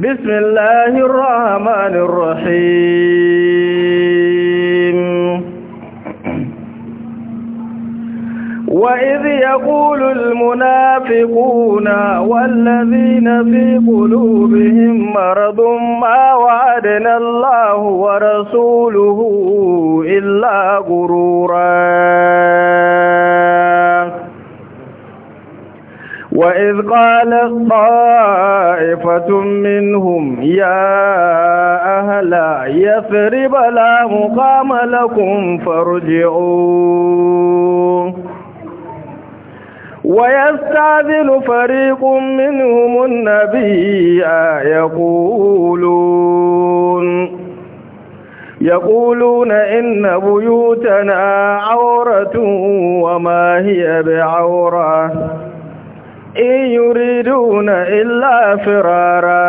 بسم الله الرحمن الرحيم وإذ يقول المنافقون والذين في قلوبهم مرض ما وعدنا الله ورسوله إلا غرورا وإذ قال طائفة منهم يا أهل يثرب لا مقام لكم فارجعوا ويستعذل فريق منهم النبي يقولون يقولون إن بيوتنا عورة وما هي بعورة إن يريدون إلا فرارا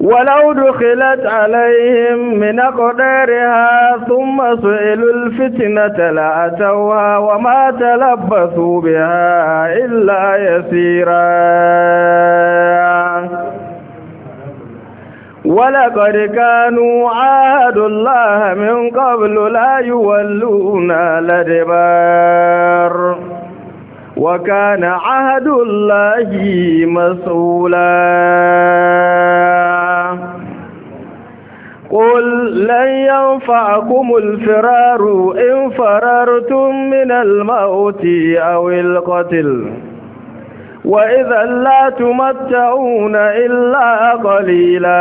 ولو دخلت عليهم من أقدارها ثم سئلوا الفتنة لأتوها وما تلبثوا بها إلا يسيرا ولقد كانوا عهد الله من قبل لا يولون الأدبار وكان عهد الله مسؤولا قل لن ينفعكم الفرار إن فررتم من الموت أو القتل وإذا لا تمتعون إلا قليلا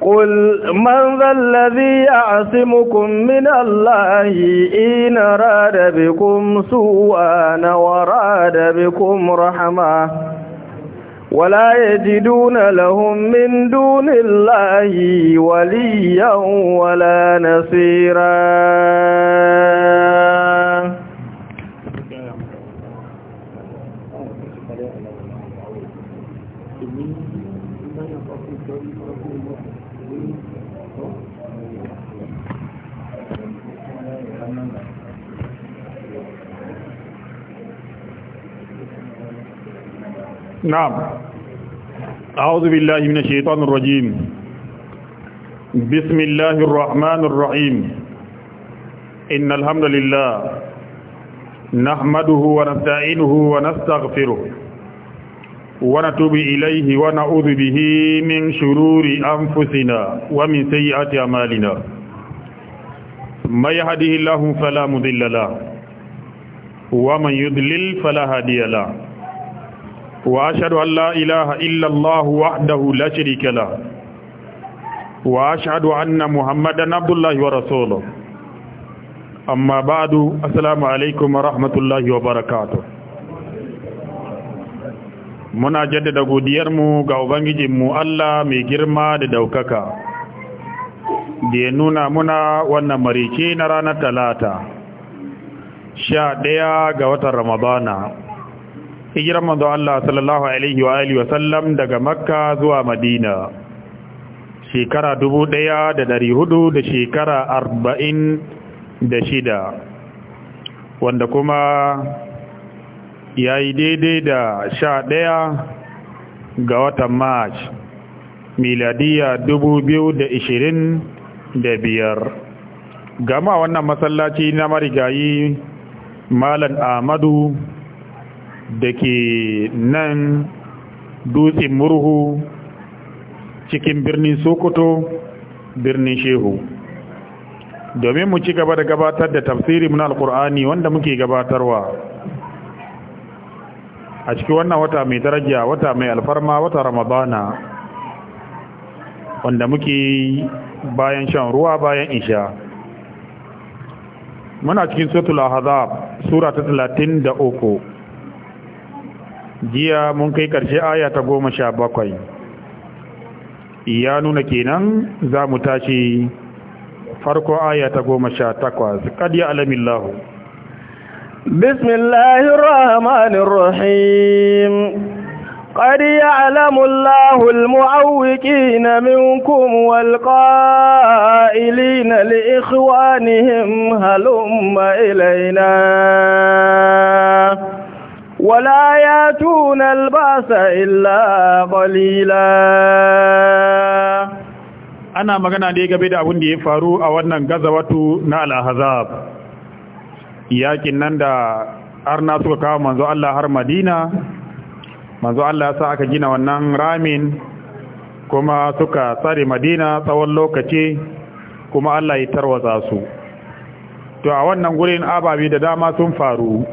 قل من ذا الذي يعصمكم من الله إن راد بكم سوءا وراد بكم رحمة ولا يجدون لهم من دون الله وليا ولا نصيرا نعم أعوذ بالله من الشيطان الرجيم بسم الله الرحمن الرحيم إن الحمد لله نحمده ونستعينه ونستغفره ونتوب إليه ونعوذ به من شرور أنفسنا ومن سيئات أعمالنا ما يهده الله فلا مضل له ومن يضلل فلا هادي له وأشهد أن لا إله إلا الله وحده لا شريك له وأشهد أن محمدا عبد الله ورسوله أما بعد السلام عليكم ورحمة الله وبركاته muna jaddada godiyarmu ga Ubangijinmu Allah mai girma da daukaka da ya nuna muna wannan marice na ranar talata sha ɗaya ga watan ramadana hijiran manzo Allah sallallahu alaihi wa alihi wa sallam daga Makka zuwa Madina shekara dubu da dari hudu da shekara arba'in da shida wanda kuma yayi daidai da sha ɗaya ga watan March miladiya 2025 biyar gama wannan masallaci na marigayi Malam Ahmadu da ke nan dutsen murhu cikin birnin sokoto birnin shehu domin mu ci gaba da gabatar da tafsiri na alkur'ani wanda muke gabatarwa a cikin wannan wata mai daraja wata mai alfarma wata ramadana wanda muke bayan shan ruwa bayan isha muna cikin suratul ahzab sura ta 33 jiya mun kai ƙarshe aya ta goma sha bakwai ya nuna kenan za mu tashi farko aya ta goma sha takwas ƙad ya alamin lahu bismillahirrahmanirrahim قد يعلم الله المعوقين منكم والقائلين لإخوانهم هلم إلينا ولا ياتون الباس إلا قليلا ana magana da gabe da abun da ya faru a wannan gazawatu na al-ahzab yakin nan da arna suka kawo manzo Allah har Madina manzo Allah ya sa aka gina wannan ramin kuma suka tsare Madina tsawon lokaci kuma Allah ya tarwatsa su to a wannan gurin ababe da dama sun faru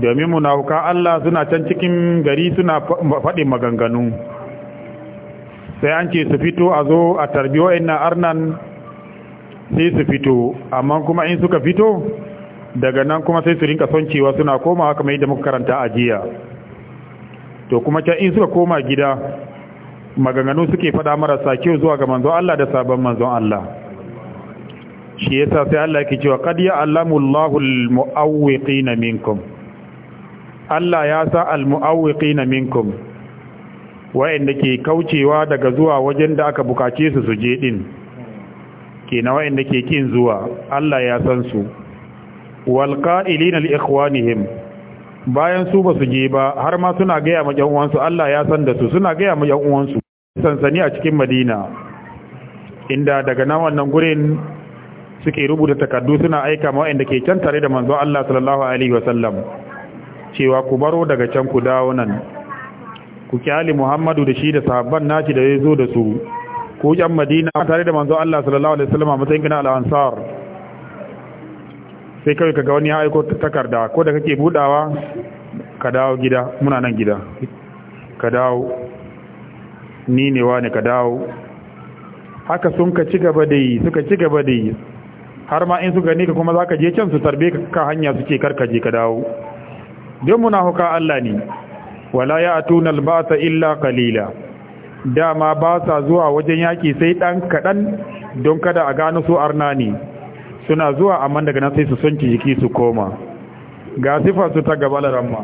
domin munafuka Allah suna can cikin gari suna faɗin maganganu sai an ce su fito a zo a tarbiyo ina arnan sai su fito amma kuma in suka fito daga nan kuma sai su rinka son cewa suna koma haka mai da muka karanta a jiya to kuma can in suka koma gida maganganu suke faɗa marasa kyau zuwa ga manzon Allah da sabon manzon Allah shi yasa sai Allah yake cewa qad ya'lamu Allahu al-mu'awwiqina minkum Allah ya sa na minkum wa'inda ke kaucewa daga zuwa wajen da aka bukace su su je din na wa'inda ke kin zuwa Allah ya san su wal qa'ilina li ikhwanihim bayan su ba su je ba har ma suna gaya yamma ƴan uwansu Allah ya san da su suna gaya yamma ƴan uwansu sansani a cikin Madina inda daga nan wannan gurin suke rubuta takardu suna aika ma wa'inda ke can tare da manzo Allah sallallahu alaihi wasallam cewa ku baro daga can ku dawo nan ku kyali Muhammadu da shi da sahabban naci da ya zo da su ku yan Madina tare da manzo Allah sallallahu alaihi wasallam a matsayin kana al-ansar sai kawai kaga wani ya aiko takarda ko da kake budawa ka dawo gida muna nan gida ka dawo ni ne wa ne ka dawo haka sun ka ci gaba da yi suka ci gaba da yi har ma in suka ni ka kuma za ka je can su tarbe ka hanya su ce karka je ka dawo muna huka Allah ne wala ya'tuna al-ba'sa illa kalila dama ba sa zuwa wajen yaki sai ɗan kaɗan don kada a gano su arna ne suna zuwa amma daga nan sai su sonki jiki su koma ga sifa su ta A laramma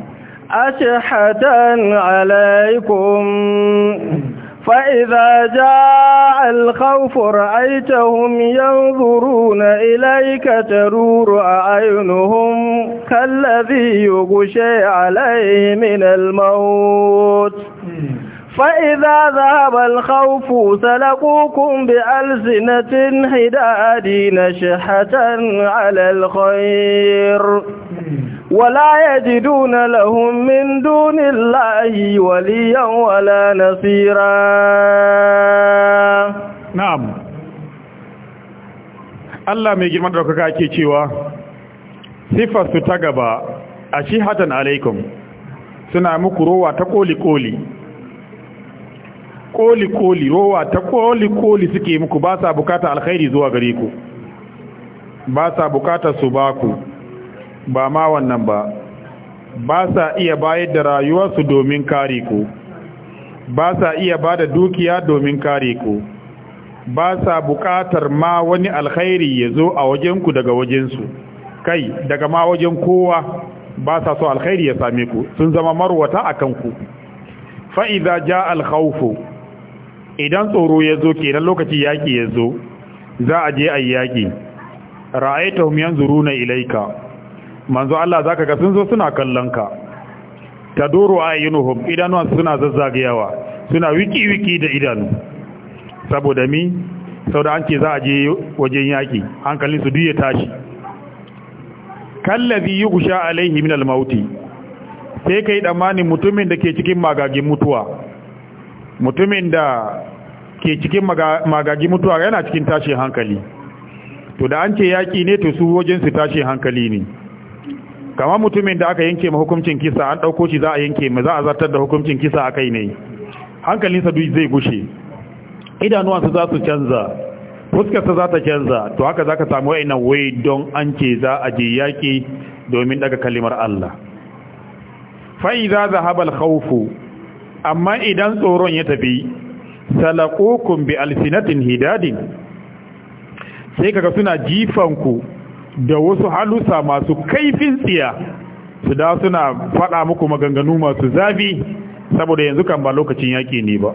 ashhatan alaikum فإذا جاء الخوف رأيتهم ينظرون إليك ترور أعينهم كالذي يغشي عليه من الموت فإذا ذهب الخوف سلقوكم بألسنة حداد نشحة على الخير ولا يجدون لهم من دون الله وليا ولا نصيرا نعم Allah mai girman daukaka ke cewa siffarsu ta gaba a shihatan alaikum suna muku rowa ta koli koli koli rowa ta koli koli suke muku ba sa bukata alkhairi zuwa gare ku ba sa bukata su ba ku ba ma wannan ba ba sa iya bayar da rayuwarsu domin kare ku ba sa iya ba da dukiya domin kare ku ba sa bukatar ma wani alkhairi ya zo a wajenku daga wajensu kai daga ma wajen kowa ba sa so alkhairi ya same ku sun zama marwata a kanku fa'iza ja alkhawfu idan tsoro ya zo ke kenan lokaci yaƙi ya zo za a je a yi yaƙi zuru na ilaika manzo Allah za ka ga sun zo suna kallon ka taduru ayunuhum idanuwan suna zazzagayawa suna wiki wiki da idanu saboda mi da an ce za a je wajen yaƙi hankalin su duye tashi kallazi sha alaihi min almauti. mauti sai yi damanin mutumin da ke cikin magagin mutuwa mutumin da ke cikin magagi mutuwa yana cikin tashin hankali to da an ce yaƙi ne to su wajen su tashin hankali ne kama mutumin da aka yanke ma hukuncin kisa an ɗauko shi za a yanke ma za a zartar da hukuncin kisa a kai ne hankalinsa duk zai gushe idanuwansa za su canza fuskarsa za ta canza to haka za ka samu waina wai don an ce za a je yaƙi domin daga kalimar Allah fa'iza zahabal haufu. amma idan tsoron ya tafi salaqukum bi alfinatin hidadin sai kaga suna jifan ku da wasu halusa masu kaifin tsiya su da suna faɗa muku maganganu masu zafi saboda yanzu kan ba lokacin yaƙi ne ba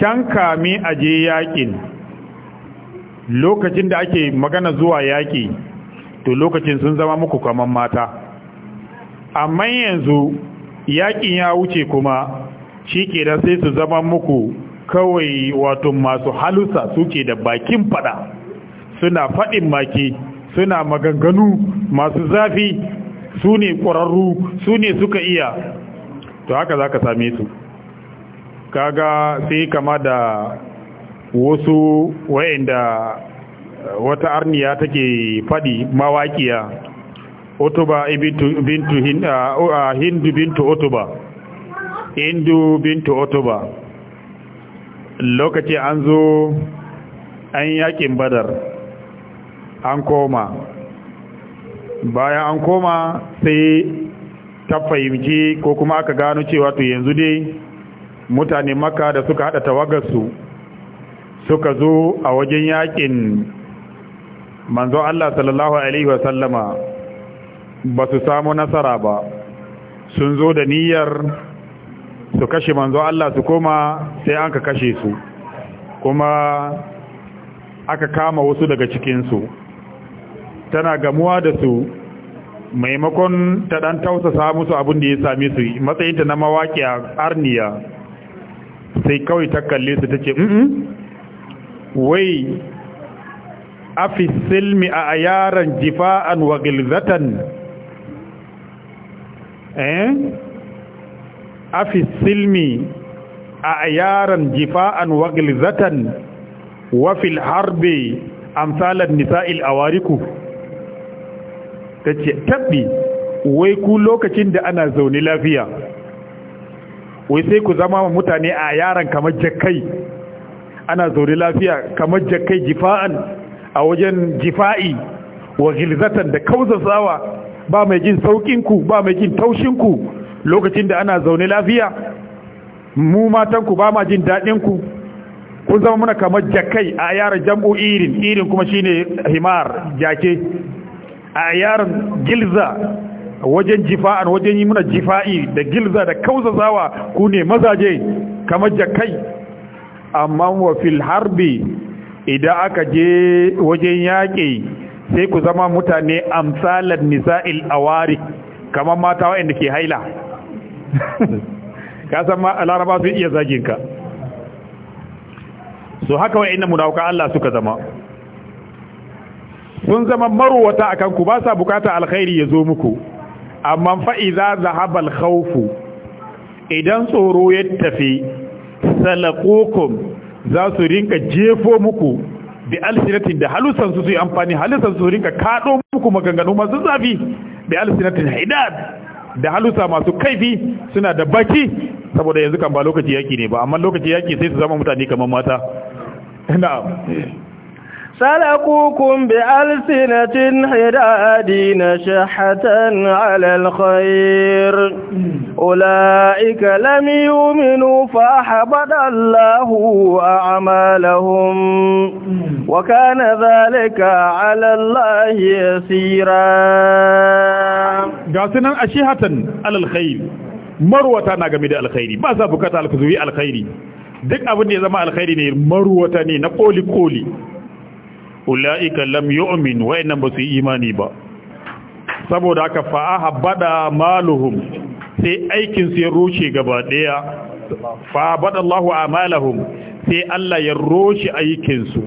can kame aje yaƙin lokacin da ake magana zuwa yaƙi to lokacin sun zama muku kamar mata amma yanzu yaƙin ya wuce kuma shi kenan sai su zama muku kawai wato masu halusa suke da bakin fada suna faɗin maki suna maganganu masu zafi su ne ƙwararru su ne suka iya to haka za ka same su kaga sai kama da wasu wayanda wata arniya take faɗi mawaƙiya otuba bintu hindu bintu otuba indu bintu otuba lokaci an zo an yakin badar an koma bayan an koma sai ta fahimci ko kuma aka gano cewa to yanzu dai mutane Makka da suka hada tawagarsu suka zo a wajen yakin manzo Allah sallallahu alaihi wasallama ba su samu nasara ba sun zo da niyyar su kashe manzo Allah su koma sai an ka kashe su kuma aka kama wasu daga cikinsu tana gamuwa da su maimakon ta dan tausasa musu abin da ya same su matsayinta na mawaƙiya arniya sai kawai ta kalle su ta ce wai afi silmi a ayaran jifa'an wa gilzatan eh afi silmi a yaran jifa'an wagilzatan gilzatan wa fil harbi amsalan nisa'il awariku tace tabbi wai ku lokacin da ana zaune lafiya wai sai ku zama mutane a yaran kamar jakkai ana zaune lafiya kamar jakkai jifa'an a wajen jifa'i wa gilzatan da kauzasawa ba mai jin saukinku ba mai jin taushinku lokacin da ana zaune lafiya mu matanku ba ma jin daɗinku kun zama muna kamar jakai a yaran jam'u irin irin kuma shine himar jake a yaran gilza wajen jifa'an wajen yi muna jifa'i da gilza da kauzazawa ku ne mazaje kamar jakai amma wa fil harbi idan aka je wajen yaƙi sai ku zama mutane amsalan nisa'il awari kamar mata waɗanda ke haila ka san ma laraba su iya zagin ka so haka wa inna munawuka Allah suka zama sun zama marwata akan ku ba sa bukata alkhairi ya zo muku amma fa idza zahaba idan tsoro ya tafi salaqukum za su rinka jefo muku bi alsinatin da halusan su su yi amfani halusan su rinka kado muku maganganu masu zafi bi alsinatin hidad da halusa masu kaifi suna da baki saboda yanzu kan ba lokaci yaki ne ba amma lokaci yaki sai su zama mutane kamar mata سلكوكم بألسنة حدادين شحة على الخير أولئك لم يؤمنوا فأحبط الله أعمالهم وكان ذلك على الله يسيرا قاسنا أشيحة على الخير marwata na game da alkhairi ba sa bukata alkuzuwi alkhairi duk abin da ya zama alkhairi ne marwata ne na koli koli ula'ika lam yu'min wayannan ba su yi imani ba saboda aka fa'aha bada maluhum sai aikin sai roce gaba daya fa bada Allahu amalahum sai Allah ya roce aikinsu.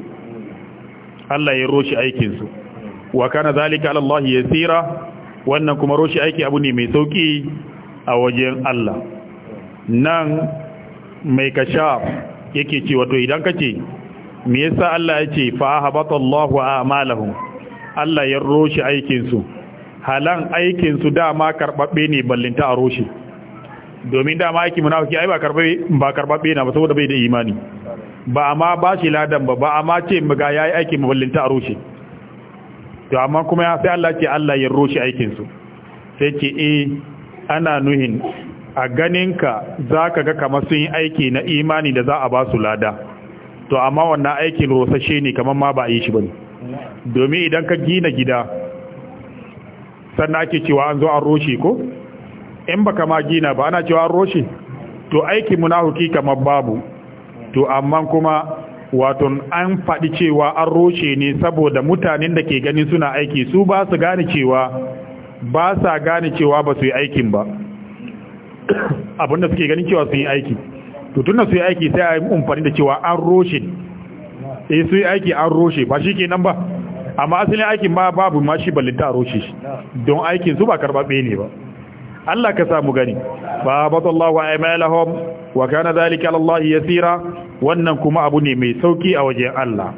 Wakana Allah ya roce aikin wa kana zalika ala yasira wannan kuma roce aiki abu ne mai sauki a wajen Allah nan mai kasha yake ce wato idan kace me yasa Allah yake fa habata Allahu a'malahum Allah ya roshi aikin su halan aikin su dama karbabbe ne ballinta a roshi domin dama aiki munafiki ai ba karbe ba karbabbe na ba saboda bai da imani ba amma ba shi ladan ba ba amma ce ga yayi aikin ballinta a roshi to amma kuma sai Allah ce Allah ya roshi aikin su sai ce eh ana nuhin a ganinka zaka ga kamar sun yi aiki na imani da za a ba su lada to amma wannan aikin rosashe ne kamar ma ba a yi shi bane domin idan ka gina gida sannan ake cewa an zo an roshe ko in baka ma gina ba ana cewa an roshe to aikin munafiki kamar babu to amma kuma wato an faɗi cewa an roshe ne saboda mutanen da ke gani suna aiki su ba su gane cewa ba sa gane cewa ba su yi aikin ba abinda suke ganin cewa su yi aiki to tunda su yi aiki sai a yi umfani da cewa an roshe eh su yi aiki an roshe ba shi kenan ba amma asalin aikin ma babu ma shi ballinta a roshe shi don aikin su ba karɓaɓɓe ne ba Allah ka samu gani ba batallahu a'malahum wa kana dhalika ala yasira wannan kuma abu ne mai sauki a wajen Allah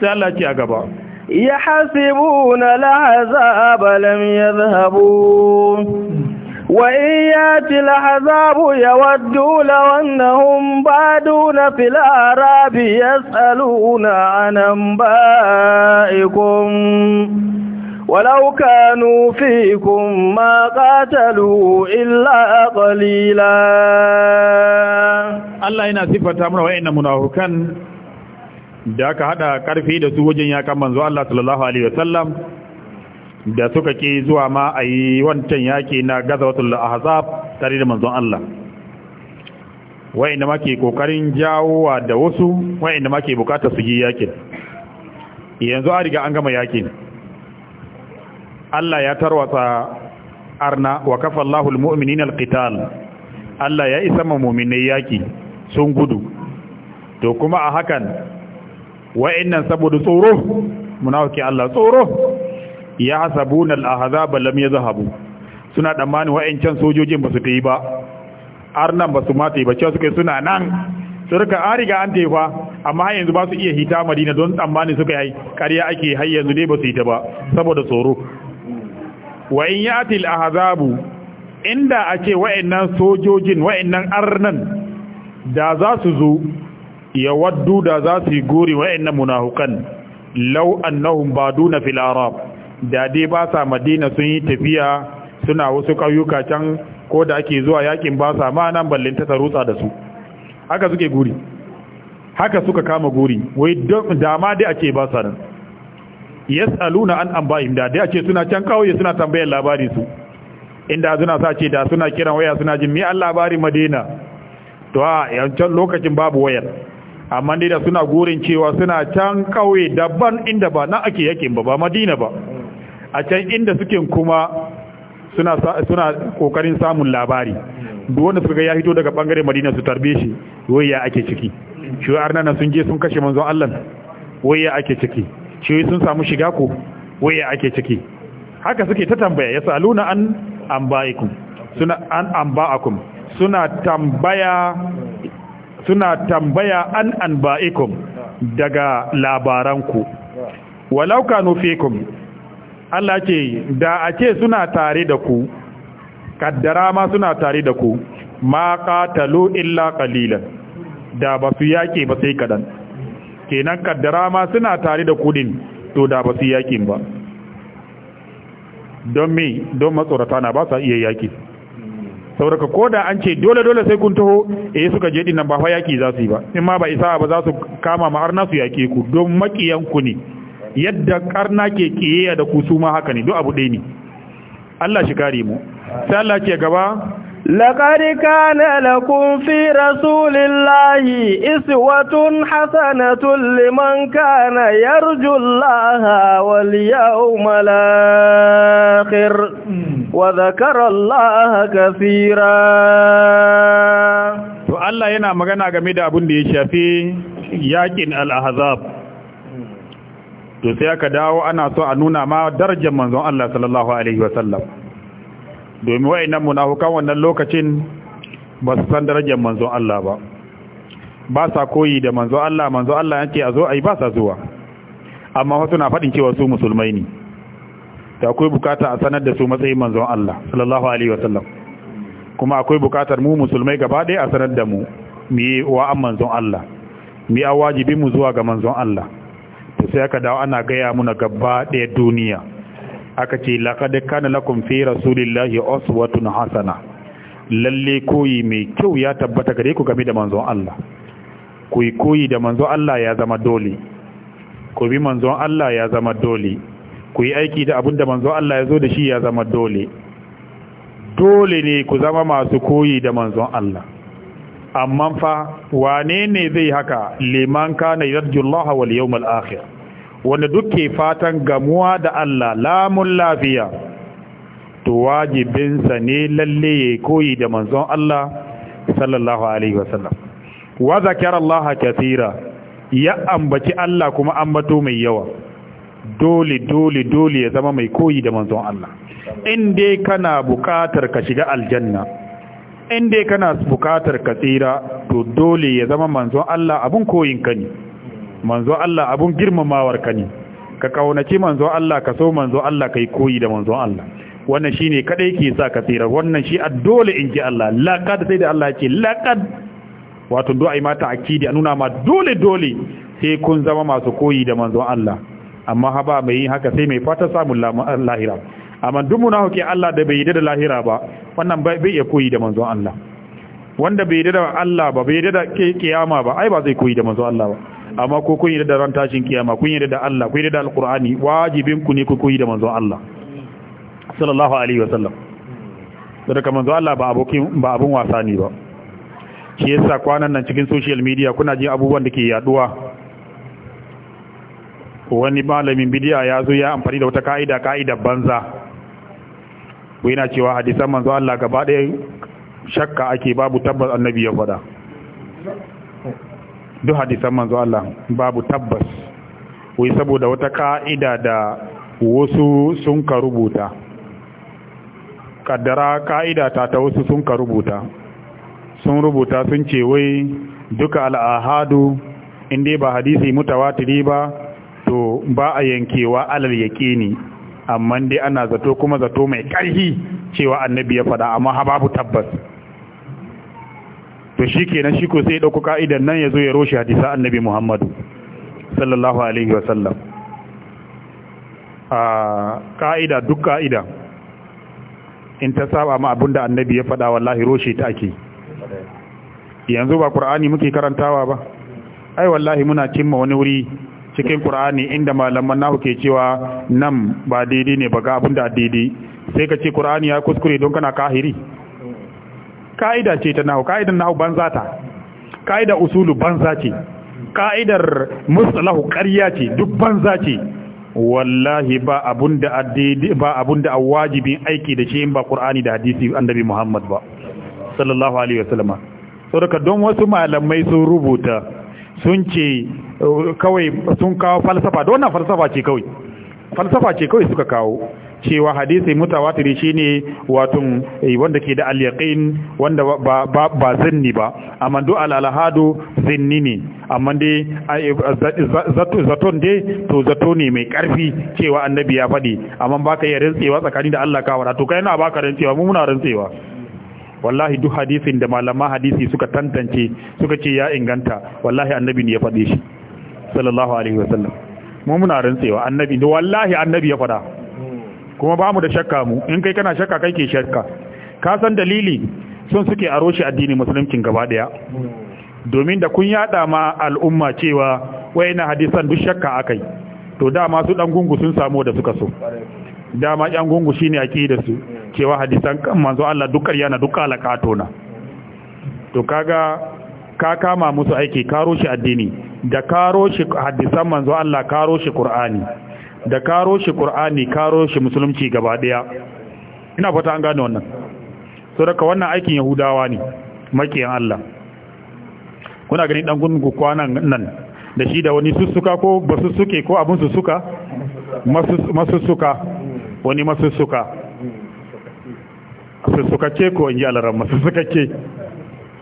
sai Allah ce a gaba yahsibuna al'azaba lam yadhhabu وإن يأتي العذاب يودوا لو أنهم بادون في الأعراب يسألون عن أنبائكم ولو كانوا فيكم ما قاتلوا إلا قليلا الله ina sifata mana wayannan munafukan da aka hada karfi da su wajen yakan manzo Allah sallallahu alaihi wasallam da suka ki zuwa ma a yi wancan yaƙi na gazawatul ahzab tare da manzon Allah wa'inda ma ke kokarin jawowa da wasu wa'inda ma ke bukatar su yi yaƙin yanzu a riga an gama yaƙin Allah ya tarwasa arna wa kafa Allahul mu'minin qital. Allah ya isa ma mu'minai yaƙi sun gudu to kuma a hakan nan saboda tsoro munafiki Allah tsoro ya hasabuna al-ahzaba lam yadhhabu suna tsammanin wa'ancan sojojin ba su yi ba arnan ba su ba cewa suna nan turka an riga an tefa amma har yanzu ba su iya hita madina don tsammanin suka yi ƙarya ake har yanzu dai ba su ba saboda tsoro wa in yati al-ahzabu inda a ce wa'annan sojojin wa'annan arnan da za su zo ya waddu da za su yi gori wa'annan munafukan lau annahum baduna fil arab da dai ba sa madina sun yi tafiya suna wasu ƙauyuka can ko da ake zuwa yakin ba sa ma nan ballin ta rutsa da su haka suke guri haka suka kama guri wai dama dai ake ba sa nan yas'aluna an anba'im da dai ake suna can ƙauye suna tambayar labari su inda suna sa ce da suna kiran waya suna jin me Allah labari Madina to a yancan lokacin babu wayar amma dai da suna gurin cewa suna can ƙauye daban inda ba na ake yakin ba ba Madina ba a can inda suke kuma suna suna kokarin samun labari duk wanda suka ga ya hito daga bangare Madina su tarbe shi ya ake ciki shi arnana sun je sun kashe manzon Allah ya ake ciki shi sun samu shiga ko ya ake ciki haka suke ta tambaya ya saluna an ambaikum suna an ambaakum suna tambaya suna tambaya an anbaikum daga labaranku walau kanu fikum Allah ce da a ce suna tare da ku kaddara ma suna tare da ku ma qatalu illa qalilan da ba su yake ba sai kadan kenan kaddara ma suna tare da ku din to da ba su yake ba don me don matsorata na ba sa iya yake saboda ko da an ce dole dole sai kun taho eh suka je dinnan ba fa yake za su yi ba in ma ba isa ba za su kama ma har nasu yake ku don makiyan ku ne yadda ƙarna ke kiyaye da kusu ma haka ne, don abu ɗai ne. Allah shi kare mu. Sai gaba? Laƙari kane da kunfi rasulun lahi, isi liman kane yarjun laha wal yau malakir, laha kafira. To Allah yana magana game da abin da ya shafi yaƙin al-ahazab. to sai aka dawo ana so a nuna ma darajar manzon Allah sallallahu alaihi wasallam domin wayannan munafukan wannan lokacin ba su san darajar manzon Allah ba ba sa koyi da manzon Allah manzon Allah yake a zo ai ba sa zuwa amma wasu na faɗin cewa su musulmai ne da akwai bukata a sanar da su matsayin manzon Allah sallallahu alaihi wasallam kuma akwai bukatar mu musulmai gaba ɗaya a sanar da mu mi yi wa manzon Allah mi a wajibin mu zuwa ga manzon Allah sai aka dawo ana gaya muna gaba ɗaya duniya aka ce laqad kana lakum fi rasulillahi uswatun hasana lalle koyi mai kyau ya tabbata gare ku game da manzon Allah Ku yi koyi da manzon Allah ya zama dole ku bi manzon Allah ya zama dole ku yi aiki da abin da manzon Allah ya zo da shi ya zama dole dole ne ku zama masu koyi da manzon Allah amma fa wane ne zai haka liman kana yarjullaha wal yawmal akhir wanda duke fatan gamuwa da Allah lamun lafiya to wajibin sa ne lalle ya koyi da manzon Allah sallallahu alaihi wasallam wa zakara Allah kathira ya ambaci Allah kuma ambato mai yawa dole dole dole ya zama mai koyi da manzon Allah in dai kana bukatar ka shiga aljanna in dai kana bukatar ka tsira to dole ya zama manzon Allah abun koyin ka ne manzon Allah abun girmamawar ka ne ka kaunaci manzon Allah ka so manzon Allah kai koyi da manzon Allah wannan shine kadai ke sa ka tsira wannan shi a dole in ji Allah laqad sai da Allah ce laqad wato do ai mata akidi a nuna ma dole dole sai kun zama masu koyi da manzon Allah amma haba mai haka sai mai fata samun lahira amma duk munafiki Allah da bai yi da lahira ba wannan bai iya koyi da manzon Allah wanda bai yi da Allah ba bai yi da kiyama ba ai ba zai koyi da manzon Allah ba amma ko kun yi da ran tashin kiyama kun yi da Allah kun yi da alqur'ani wajibin ku ne ku koyi da manzon Allah sallallahu alaihi wasallam kuma manzon Allah ba abokin ba abun wasa ne ba shi yasa kwanan nan cikin social media kuna jin abubuwan da ke yaduwa wani malamin bidiya ya zo ya amfani da wata ka'ida ka'ida banza ko yana cewa hadisan manzo Allah gaba ɗaya shakka ake babu tabbas annabi ya faɗa duk hadisan manzo Allah babu tabbas wai saboda wata ka'ida da wasu sun ka rubuta kaddara ka'ida ta ta wasu sun ka rubuta sun rubuta sun ce wai duka al'ahadu dai ba hadisi mutawatiri ba to ba a yankewa alal yaqini amma dai ana zato kuma zato mai ƙarhi cewa annabi ya faɗa amma ha babu tabbas to shi kenan shi ko sai ɗauko ka'idan nan ya zo ya roshe hadisa annabi muhammadu sallallahu alaihi sallam a ka'ida duk ka'ida in ta saba ma abinda annabi ya faɗa wallahi roshe ta ake yanzu ba ƙur'ani muke karantawa ba ai wallahi muna cimma wani wuri cikin Qur'ani inda malaman nahu ke cewa nan ba daidai ne ba ga abin da daidai sai ka ce Qur'ani ya kuskure don kana kahiri ka'ida ce ta nahu ka'idan nahu banza ta ka'ida usulu banza ce ka'idar mustalahu ƙarya ce duk banza ce wallahi ba abun da addini ba abun da wajibin aiki da shi in ba Qur'ani da hadisi annabi Muhammad ba sallallahu alaihi wasallam saboda don wasu malamai sun rubuta sun ce kawai sun kawo falsafa da wannan falsafa ce kawai falsafa ce kawai suka kawo cewa hadisi mutawatiri shine wato eh, wanda ke da al-yaqin wanda ba ba, ba ba amma do al-alhadu zanni ne amma dai eh, zato zato dai to zato ne mai karfi cewa annabi ya fadi amma baka yi rantsewa tsakanin da Allah kawara to kai na baka rantsewa mu muna rantsewa wallahi duk hadisin da malama hadisi suka tantance suka ce ya inganta wallahi annabi ne ya fadi shi sallallahu alaihi wasallam mu muna rantsewa annabi da wallahi annabi ya fada kuma ba mu da shakka mu in kai kana shakka kai ke shakka ka san dalili sun suke aro addini musuluncin gaba daya domin da kun yada ma al'umma cewa wayannan hadisan duk shakka akai to dama su dan gungu sun samu da suka so dama yan gungu shine da su cewa hadisan kan manzo Allah duk ƙarya na duk alaka tona to kaga ka kama musu aiki karo shi addini da karo shi hadisan manzo Allah karo shi Qur'ani da karo shi Qur'ani karo shi musulunci gaba daya ina fata an gane wannan to daga wannan aikin Yahudawa ne makiyan Allah kuna gani dan gungu kwanan nan da shi da wani sussuka ko sussuke ko abun sussuka masussuka wani masussuka ce ko in ji alaran ce.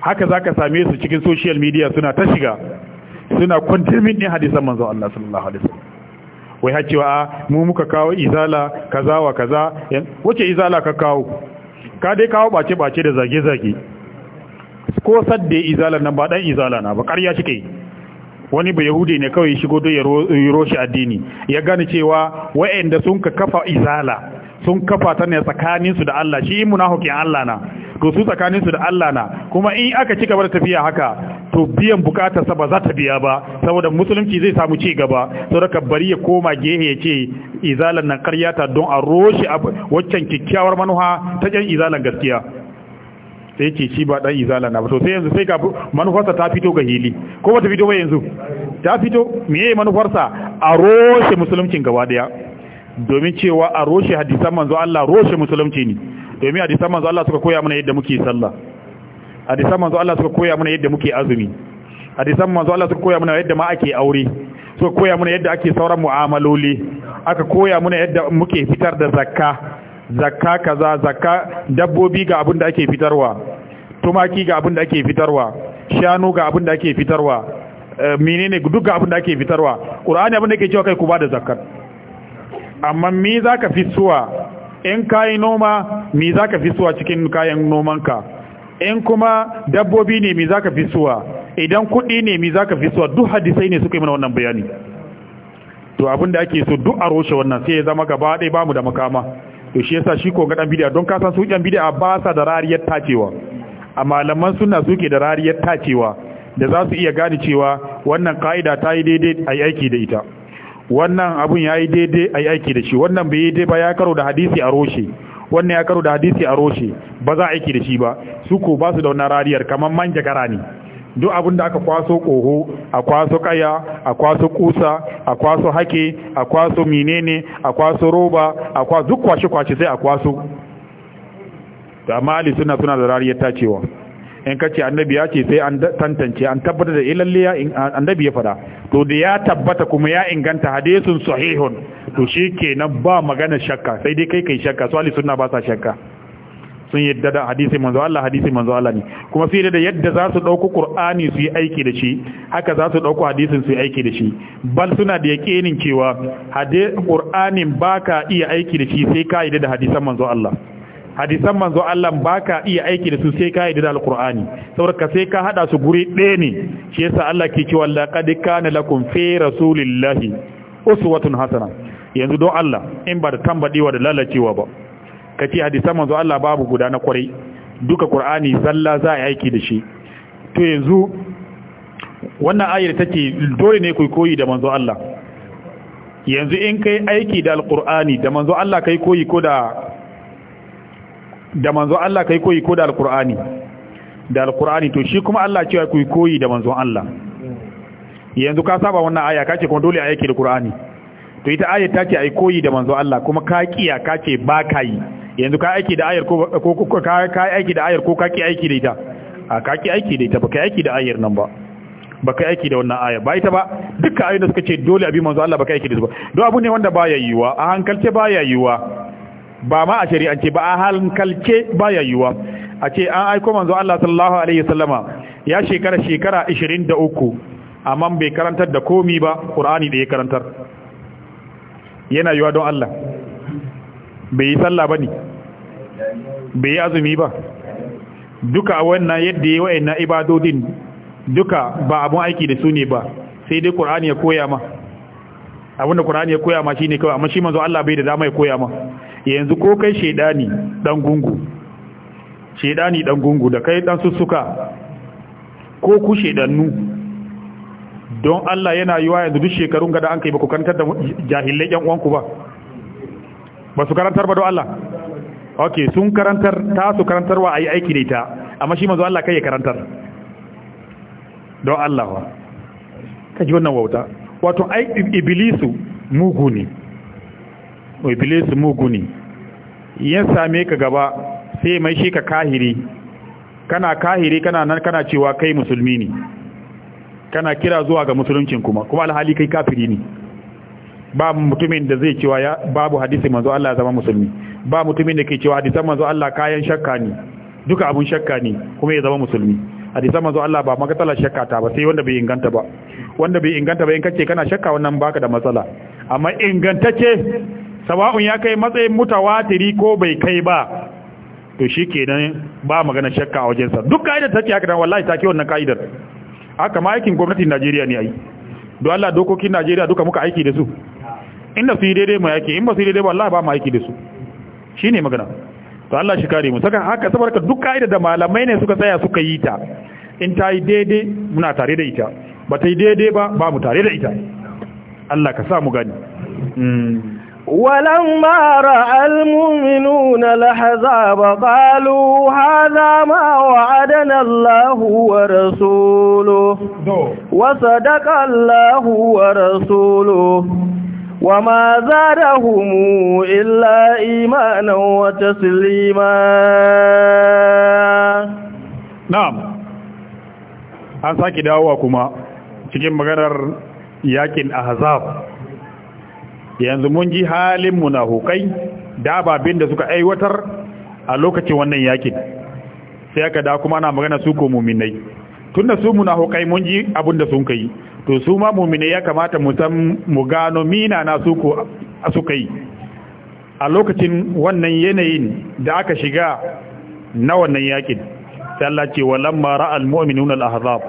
haka zaka same su cikin social media suna ta shiga suna kwantirmin ɗin hadisan manzo Allah sallallahu alaihi wasallam wai ha cewa ah, mu muka kawo izala kaza wa kaza wace izala ka kawo ka dai kawo bace bace da zage zage ko sadde izala nan ba dan izala na ba ƙarya shi kai wani ba yahudi ne kawai shigo da yaro shi addini ya gane cewa wa'anda sun ka kafa izala sun kafa ta ne tsakaninsu da Allah shi munafikin Allah na to su tsakaninsu da Allah na kuma in aka ci gaba da tafiya haka to biyan sa ba za ta biya ba saboda musulunci zai samu ci gaba saboda bari ya koma gehe ya ce izalan nan karyata don a roshi waccan kyakkyawar manuha ta jan izalan gaskiya sai ce shi ba dan izala na ba to sai yanzu sai ga manufarsa ta fito ga hili ko ba ta fito ba yanzu ta fito meye manufarsa a roshe musuluncin gaba daya domin cewa a roshe hadisan manzo Allah roshe musulunci ne domin hadisan manzo Allah suka koya mana yadda muke sallah hadisan manzo Allah suka koya mana yadda muke azumi hadisan manzo Allah suka koya mana yadda ma ake aure suka koya mana yadda ake sauran mu'amaloli aka koya mana yadda muke fitar da zakka zakka kaza zakka dabbobi ga abin da ake fitarwa tumaki ga abin da ake fitarwa shanu ga abin da ake fitarwa eh, menene duk ga abin da ake fitarwa qur'ani abin da yake cewa kai ku ba da zakkar amma mi za ka fi suwa in ka yi noma mi za ka fi suwa cikin kayan nomanka in kuma dabbobi ne mi za ka fi suwa idan kuɗi ne mi za ka fi suwa duk hadisai ne suka yi mana wannan bayani to abin da ake so duk a roshe wannan sai ya zama gaba ɗaya bamu da makama to shi yasa shi ko ga dan bid'a don san su dan bid'a ba sa da rariyar tacewa a malaman sunna suke da rariyar tacewa da za su iya gane cewa wannan ka'ida ta yi daidai a yi aiki da ita wannan abun ya yi daidai a yi aiki da shi wannan bai yi daidai ba ya karo da hadisi a roshe wannan ya karo da hadisi a roshe ba za a aiki da shi ba su ko ba su da wannan rariyar kamar manja gara ne duk abin da aka kwaso koho a kwaso kaya a kwaso kusa a kwaso hake a kwaso menene a kwaso roba a kwaso duk kwashe-kwashe sai a kwaso amma suna suna da rariyar tacewa in ka ce annabi ya ce sai an tantance an tabbatar da ilalle eh, annabi ya fada to da ya tabbata kuma ya inganta hadisin sahihun to shi kenan ba magana shakka sai dai kai kai shakka su ali sunna ba sa shakka sun yadda da hadisi manzo Allah hadisi manzo Allah ne kuma sai da yadda za su dauko Qur'ani su yi aiki da shi haka za su dauko hadisin su yi aiki da shi bal suna da yakinin cewa hadisi Qur'anin baka iya aiki da shi sai ka yi da hadisan manzo Allah hadisan manzo Allah ba ka iya aiki da su sai ka yadda alqur'ani saboda sai ka hada su guri ɗaya ne shi yasa Allah ke cewa laqad kana lakum fi rasulillahi uswatun hasana yanzu don Allah in ba da tambadewa da lalacewa ba kace hadisan manzo Allah babu guda na kwarai duka qur'ani zalla za a aiki da shi to yanzu wannan ayar take dole ne ku koyi da manzo Allah yanzu in kai aiki da alqur'ani da manzo Allah kai koyi ko da da manzon Allah kai koyi ko da alkur'ani da alkur'ani to shi kuma Allah cewa kai koyi da manzon Allah yanzu ka saba wannan aya kace kuma dole a yake da qur'ani to ita aya ta ce ai koyi da manzon Allah kuma ka kiya ka ce ba ka yi yanzu ka aiki da ayar ko ko ka ka aiki da ayar ko ka ki aiki da ita a ka ki aiki da ita ba ka aiki da ayar nan ba ba ka aiki da wannan aya ba ita ba dukkan ayoyin da suka ce dole abi manzon Allah ba ka aiki da su ba don abu ne wanda baya yiwa a hankalce baya yiwa ba ma a shari'ance ba a hankalce ya yiwuwa a ce an aiko manzo Allah sallallahu alaihi wasallama ya shekara shekara 23 amma bai karantar da komi ba Qur'ani da ya karantar yana yiwa don Allah bai yi sallah bane bai yi azumi ba duka wannan yadda yi wa'annan ibadodin duka ba abun aiki da su ne ba sai dai Qur'ani ya koya ma abinda Qur'ani ya koya ma shine kawai amma shi manzo Allah bai da dama ya koya ma yanzu ko kai shedani dan gungu shedani dan gungu da kai dan sussuka ko ku shedannu don Allah yana yiwa yanzu duk shekarun ga da an kai ba ku karantar da jahilai yan uwanku ba ba su karantar ba don Allah ok sun karantar ta su karantar a yi aiki da ita amma shi manzo Allah kai ya karantar don Allah wa ji wannan wauta wato ai iblisu mugu ne iblis ne. yin same ka gaba sai mai shi ka kahiri kana kahiri kana nan kana cewa kai musulmi ne kana kira zuwa ga musuluncin kuma kuma alhali kai kafiri ne ba mutumin da zai cewa ya babu hadisi manzo Allah zama musulmi ba mutumin da ke cewa hadisan manzo Allah kayan shakka ne duka abun shakka ne kuma ya zama musulmi hadisan manzo Allah ba magatala shakka ta ba sai wanda bai inganta ba wanda bai inganta ba in kace kana shakka wannan baka da matsala amma ingantacce sawa'un ya kai matsayin mutawatiri ko bai kai ba to shi kenan ba magana shakka a wajensa duk ka'idar take haka dan wallahi take wannan ka'idar haka ma aikin gwamnatin Najeriya ne ai don Allah dokokin Najeriya duka muka aiki da su inda su yi daidai mu yake in ba su yi daidai ba wallahi ba mu aiki da su shine magana to Allah shi kare mu saka haka saboda duk ka'idar da malamai ne suka tsaya suka yi ta in ta yi daidai muna tare da ita ba ta yi daidai ba ba mu tare da ita Allah ka sa mu gani mm. ولما رأى المؤمنون الأحزاب قالوا هذا ما وعدنا الله ورسوله وصدق الله ورسوله وما زادهم إلا إيمانا وتسليما نعم an sake dawowa kuma cikin maganar yakin ahzab yanzu mun ji halin munafukai da ababin da suka aiwatar a lokacin wannan yakin sai aka da kuma ana magana su ko muminai tunda su munafukai mun ji abin da sun kai to su ma muminai ya kamata mu san mu gano mina na su ko su kai a lokacin wannan yanayin da aka shiga na wannan yakin sai Allah ce walamma ra'al mu'minuna al-ahzab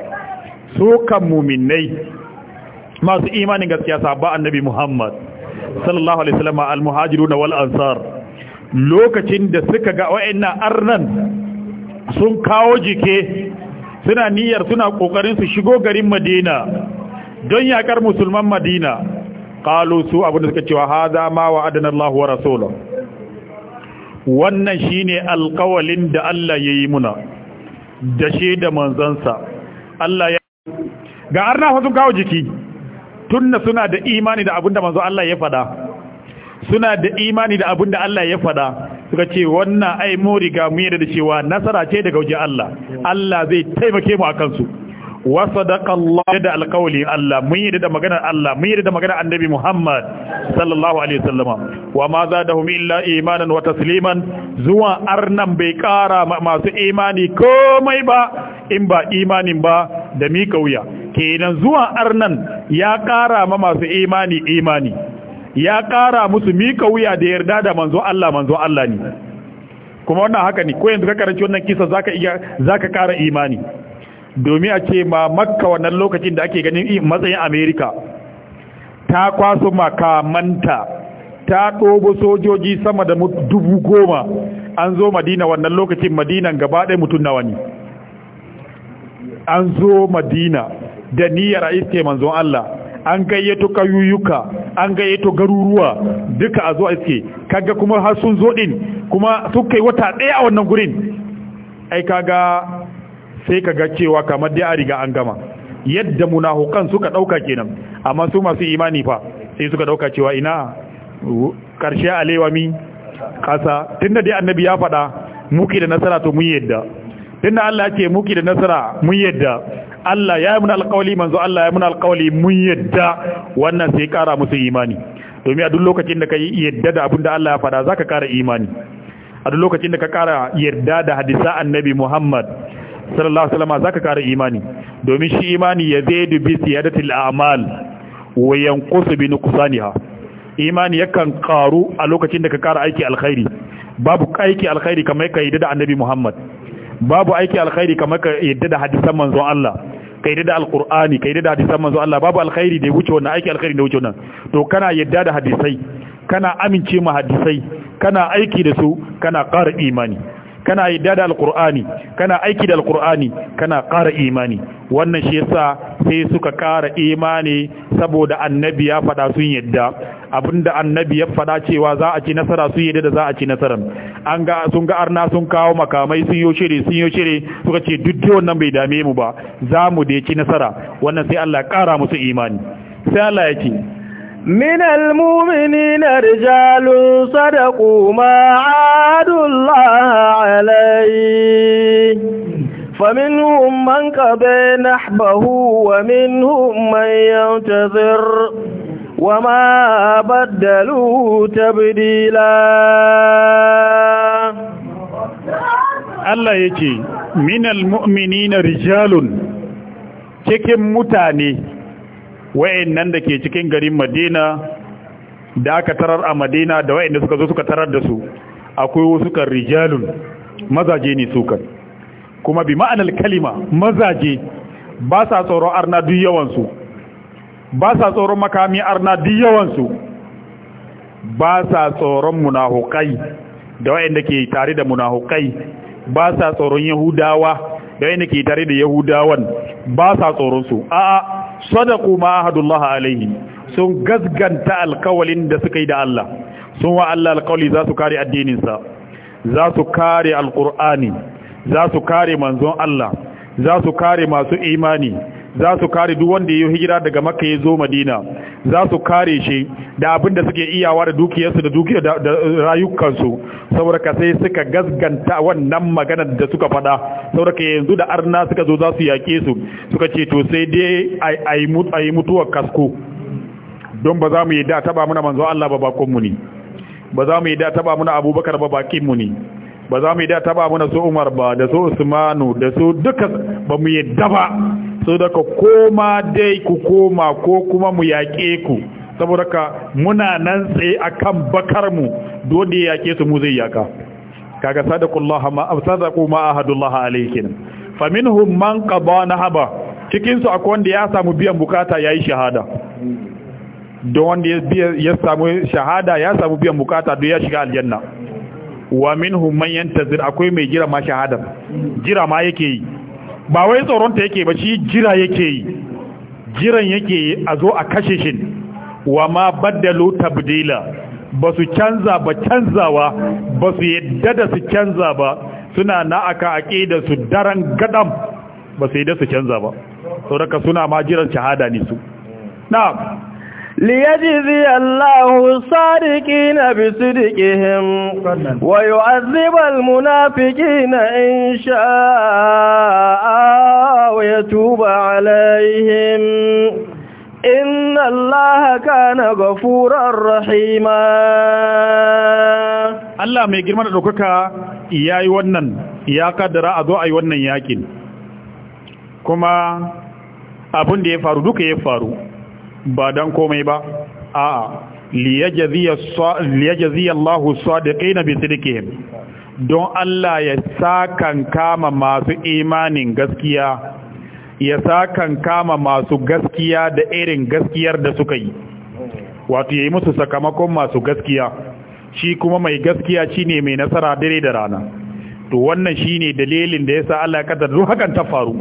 su kan muminai masu imanin gaskiya sabba annabi Muhammad sallallahu alaihi wasallam al-muhajirun wal ansar lokacin da suka ga wayannan arnan sun kawo jike suna niyyar suna kokarin su shigo garin Madina don yakar musulman Madina qalu su abun da suka cewa hadha ma wa'adana Allah wa rasuluhu wannan shine alqawlin da Allah yayi muna da shi da manzansa Allah ya ga arna fa sun kawo jiki tunda suna da imani da abinda manzo Allah ya faɗa suna da imani da abinda Allah ya faɗa suka ce wannan ai mu riga mu yarda da cewa nasara ce daga wajen Allah Allah zai taimake mu akan su wa sadaqallahu da alqawli Allah mun yi da magana Allah mun yi da magana annabi Muhammad sallallahu alaihi wasallama wa ma zadahum illa imanan wa tasliman zuwa arnan bai kara masu imani komai ba in ba imanin ba da mi kauya kenan zuwa arnan ya kara ma masu imani imani ya kara musu mi kauya da yarda da manzo Allah manzo Allah ne kuma wannan haka ne ko yanzu ka karanci wannan kisa zaka iya zaka kara imani domin a ce ma makka wannan lokacin da ake ganin matsayin amerika ta kwaso makamanta ta ɗobo sojoji sama da dubu goma an zo madina wannan lokacin madinan gaba ɗaya mutum na wani. an zo madina da niyyar a iske manzon Allah an gayyato kayuyuka an gayyato garuruwa duka a zo a iske kaga kuma har sun zo ɗin kuma suka yi wata ɗaya a wannan gurin ai kaga sai ka ga cewa kamar dai a riga an gama yadda munafukan suka dauka kenan amma su masu imani fa sai suka dauka cewa ina karshe alewa mi kasa tunda dai annabi ya faɗa muki da nasara to mun yadda tunda Allah ya ce muki da nasara mun yadda Allah ya yi mun alƙawali manzo Allah ya mun alƙawali mun yadda wannan sai kara musu imani domin a duk lokacin da ka yadda da abin da Allah ya faɗa zaka kara imani a duk lokacin da ka kara yarda da hadisa annabi Muhammad sallallahu alaihi wasallam zaka kara imani domin shi imani ya zaidu bi ziyadatil a'mal wa yanqusu bi nuqsaniha imani yakan karu a lokacin da ka kara aiki alkhairi babu aiki alkhairi kamar ka yadda da annabi Muhammad babu aiki alkhairi kamar ka yadda da hadisan manzon Allah ka yadda da alqur'ani ka yadda da hadisan manzon Allah babu alkhairi da wuce wannan aiki alkhairi da wuce wannan to kana yadda da hadisai kana amince ma hadisai kana aiki da su kana ƙara imani kana yadda da alkur'ani kana aiki da alkur'ani kana ƙara imani wannan shi yasa sai suka ƙara imani saboda annabi ya faɗa sun yadda abinda annabi ya faɗa cewa za a ci nasara sun yadda da za a ci nasaran an ga sun ga arna sun kawo makamai sun yo shiri sun yo shiri suka ce duk wannan bai dame mu ba za mu da ci nasara wannan sai Allah ya ƙara musu imani sai Allah ya ce من المؤمنين رجال صدقوا ما عادوا الله عليه فمنهم من قضى نحبه ومنهم من ينتظر وما بدلوا تبديلا Allah yake minal mu'minina rijalun cikin mutane nan da ke cikin garin Madina da aka tarar a Madina da da suka zo suka tarar da su akwai wasu kan rijalun mazaje ne su kan kuma bi ma'anar kalima mazaje ba sa tsoron arna duk yawan su ba sa tsoron makami arna duk yawan su ba sa tsoron munafukai da da ke tare da munafukai ba sa tsoron yahudawa da da ke tare da yahudawan ba sa tsoron su a'a sadaqu ma ahadullah alaihi sun gaskanta alkawalin da suka yi da Allah sun wa Allah alkawali za su kare addinin sa za su kare Alkur'ani, za su kare manzon Allah za su kare masu imani za su kare duk wanda ya yi hijira daga makka ya zo madina za su kare shi da abin da suke iyawa da dukiyarsu da dukiyar da rayukansu saboda ka sai suka gasganta wannan magana da suka faɗa saboda ka yanzu da arna suka zo za su yaƙe su suka ce to sai dai a yi mutuwar kasko don ba za mu yi da taba muna manzo Allah ba bakon mu ne ba za mu yi da taba muna abubakar ba bakin mu ne ba za mu yi da taba muna su umar ba da su usmanu da su duka ba mu yi da ba so ka koma dai ku koma ko kuma mu yaƙe ku saboda ka muna nan tsaye a kan bakarmu dole yaƙe su mu zai yaka kaga a ma absadaqu ma ahadullah Fa faminhum man qada nahaba cikin su akwai wanda ya samu biyan bukata yayi shahada don wanda ya samu shahada ya samu biyan bukata don ya shiga aljanna wa minhum man yantazir akwai mai jira ma shahada jira ma yake yi ba wai tsoron ta yake ba shi jira yake yi jiran yake yi a zo a kashe shi wa ma baddalu tabdila ba su canza ba canzawa ba su yadda da su canza ba suna na aka da su daren gadam ba su yadda su canza ba sauraka suna ma jiran shahada ne su na'am ليجزي الله الصادقين بصدقهم ويعذب المنافقين إن شاء ويتوب عليهم إن الله كان غفورا رحيما الله mai girma da dokaka yayi wannan ya a zo ayi wannan yakin kuma abin da ya faru duka ya faru ba dan komai ba a'a liyajziya Allah as-sadiqina bi sidqihim don Allah ya sakan kama masu imanin gaskiya ya sakan kama masu gaskiya da irin gaskiyar da suka yi wato yayi musu sakamakon masu gaskiya shi kuma mai gaskiya shine mai nasara dare da rana to wannan shine dalilin da sa Allah ya kaddara hakan ta faru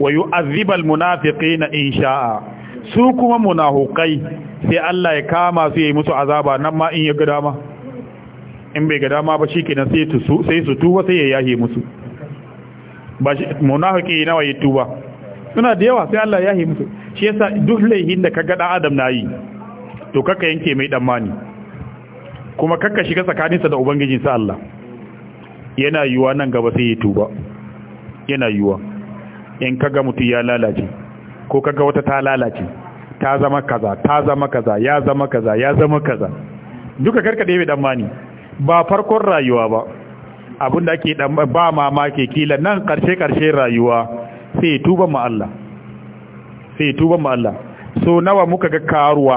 wa yu'azzibal munafiqina in sha'a su kuma munafukai sai Allah ya kama su yi musu azaba nan ma in ya ga dama in bai ga dama ba shikenan sai su sai su tuba sai ya yahi musu ba munafiki nawa yi tuba suna da yawa sai Allah ya yahi musu shi yasa duk laihin da ka dan adam na yi, to kaka yanke mai dan mani kuma kaka shiga tsakaninsa da ubangijinsa Allah yana yuwa nan gaba sai ya tuba yana yuwa in kaga mutu ya lalace ko kaga wata ta lalace ta zama kaza ta zama kaza ya zama kaza ya zama kaza duka karka ɗebe dan mani ba farkon rayuwa ba abin da ake dan ba mamake kila nan karshe karshe rayuwa sai tuba ma Allah sai tuba ma Allah so nawa muka ga karuwa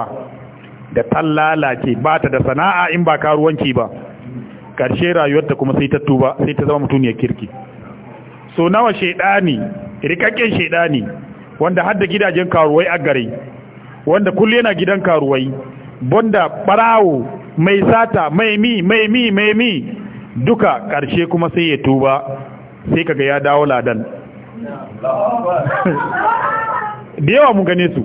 da tallala ce ba ta da sana'a in ba karuwanci ba karshe rayuwarta kuma sai ta tuba sai ta zama mutuniyar kirki so nawa shedani rikakken shedani wanda har da gidajen karuwai a gare wanda kullu yana gidan karuwai banda barawo mai sata mai mi mai mi mai mi duka karshe kuma sai ya tuba sai kaga ya dawo ladan da yawa mun gane su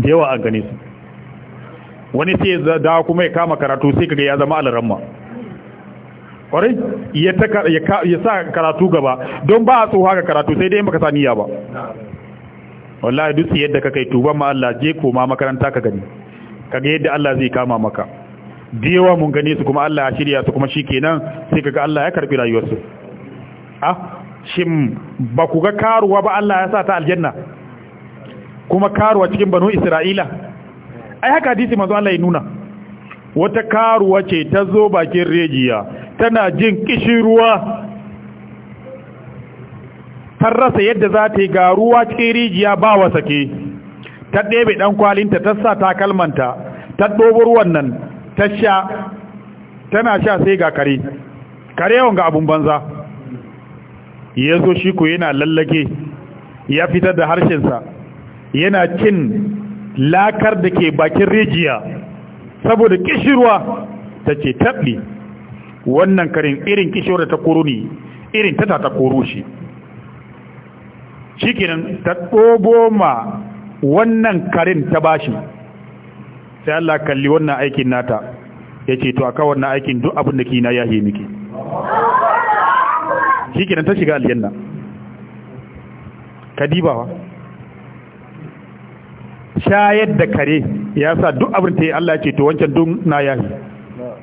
da yawa an gane su wani sai ya dawo kuma ya kama karatu sai kaga ya zama alaramma kwarai ya sa karatu gaba don ba a tsoha ga karatu sai dai baka saniya ba wallahi duk yadda kakai, tuba ma Allah je koma makaranta ka gani kaga yadda Allah zai kama maka diwa mun gane su kuma Allah ya shirya su kuma shikenan sai kaga Allah ya karbi rayuwarsu ah shin ba ku ga karuwa ba Allah ya sa ta aljanna kuma karuwa cikin banu Isra'ila ai haka hadisi manzo Allah ya nuna wata karuwa ce ta zo bakin rejiya tana jin ruwa ta rasa yadda za ta yi ga ruwa cikin rijiya ba wa sake ta ɗebe ɗan kwalinta ta sa takalmanta ta ɗobo ruwan nan ta sha tana sha sai ga kare kare yawan ga abin banza ya zo shi ku yana lallake, ya fitar da harshensa yana cin lakar da ke bakin rijiya saboda kishirwa ta ce taɓi wannan karin irin kishirwa ta koro ne irin ta ta koro shi shikenan ta ɗobo ma wannan karin ta bashi sai Allah kalli wannan aikin nata ya ce to aka wannan aikin duk abin da kina ya miki shikenan ta shiga aljanna wa shayar da kare ya sa duk abin ta yi Allah ce to wancan duk na yahi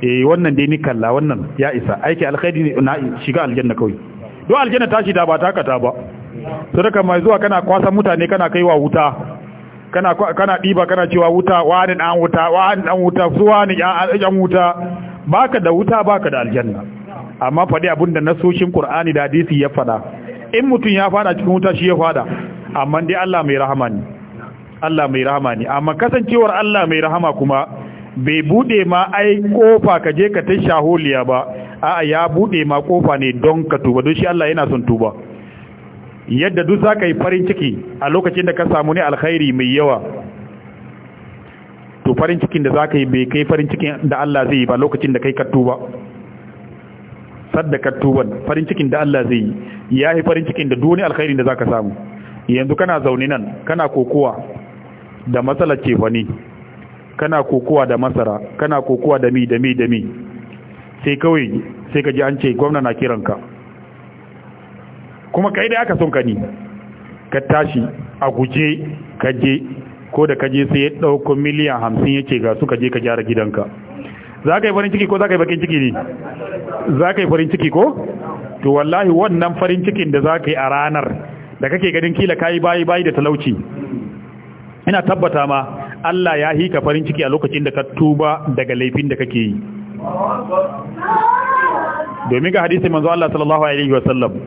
eh wannan dai ni kalla wannan ya isa aiki alkhairi ne na shiga aljanna kawai duk aljanna tashi da ba ta kata ba daga mai zuwa kana kwasa mutane kana kaiwa wuta kana kana diba kana cewa wuta wani dan wuta wani dan wuta zuwa wani yan wuta baka da wuta baka da aljanna amma fadi da nasoshin Qur'ani da hadisi ya fada in mutun ya fada cikin wuta shi ya fada amma dai Allah mai rahama ne Allah mai rahama ne amma kasancewar Allah mai rahama kuma bai bude ma ai kofa ka je ka tashi holiya ba a'a ya bude ma kofa ne don ka tuba don shi Allah yana son tuba yadda duk za ka yi farin ciki a lokacin da ka samu ne alkhairi mai yawa to farin cikin da za ka yi bai kai farin cikin da Allah zai yi ba lokacin da kai ka tuba sadda ka tuban farin cikin da Allah zai yi ya yi farin cikin da duni alkhairi da za ka samu yanzu kana zaune nan kana kokowa da matsalar cefani kana kokowa da masara kana kokowa da mi da mi da mi sai kawai sai ka ji an ce gwamna na kiranka kuma kai da aka son ka ni ka tashi a guje ka je ko da ka je sai ya dauko miliyan hamsin yake ga suka je ka gyara gidanka za ka yi farin ciki ko za ka yi bakin ciki ne za ka yi farin ciki ko to wallahi wannan farin cikin da za ka yi a ranar da kake ganin kila ka yi bayi bayi da talauci ina tabbata ma Allah ya ka farin ciki a lokacin da ka tuba daga laifin da kake yi domin ga hadisi manzo Allah sallallahu alaihi wasallam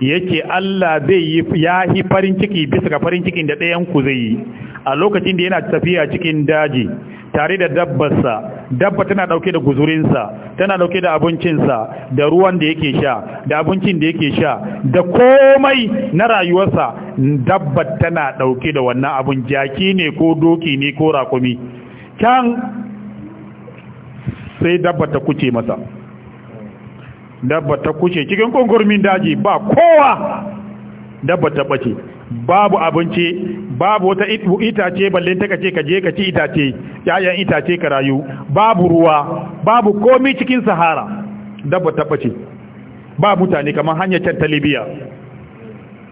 yake Allah zai yi yahi farin ciki bisa ga farin cikin da ɗayan ku zai yi a lokacin da yana tafiya cikin daji tare da dabbarsa dabba tana dauke da guzurinsa tana dauke da abincinsa da ruwan da yake sha da abincin da yake sha da komai na rayuwarsa dabba tana dauke da wannan abun jaki ne ko doki ne ko rakumi can sai dabba ta kuce masa dabba ta kuce cikin kongurmin daji ba kowa dabba ta bace babu abinci babu wata itace balle ta kace ka je ka ci itace yayan itace ka rayu babu ruwa babu komai cikin sahara dabba ta bace ba mutane kamar hanyar can ta libya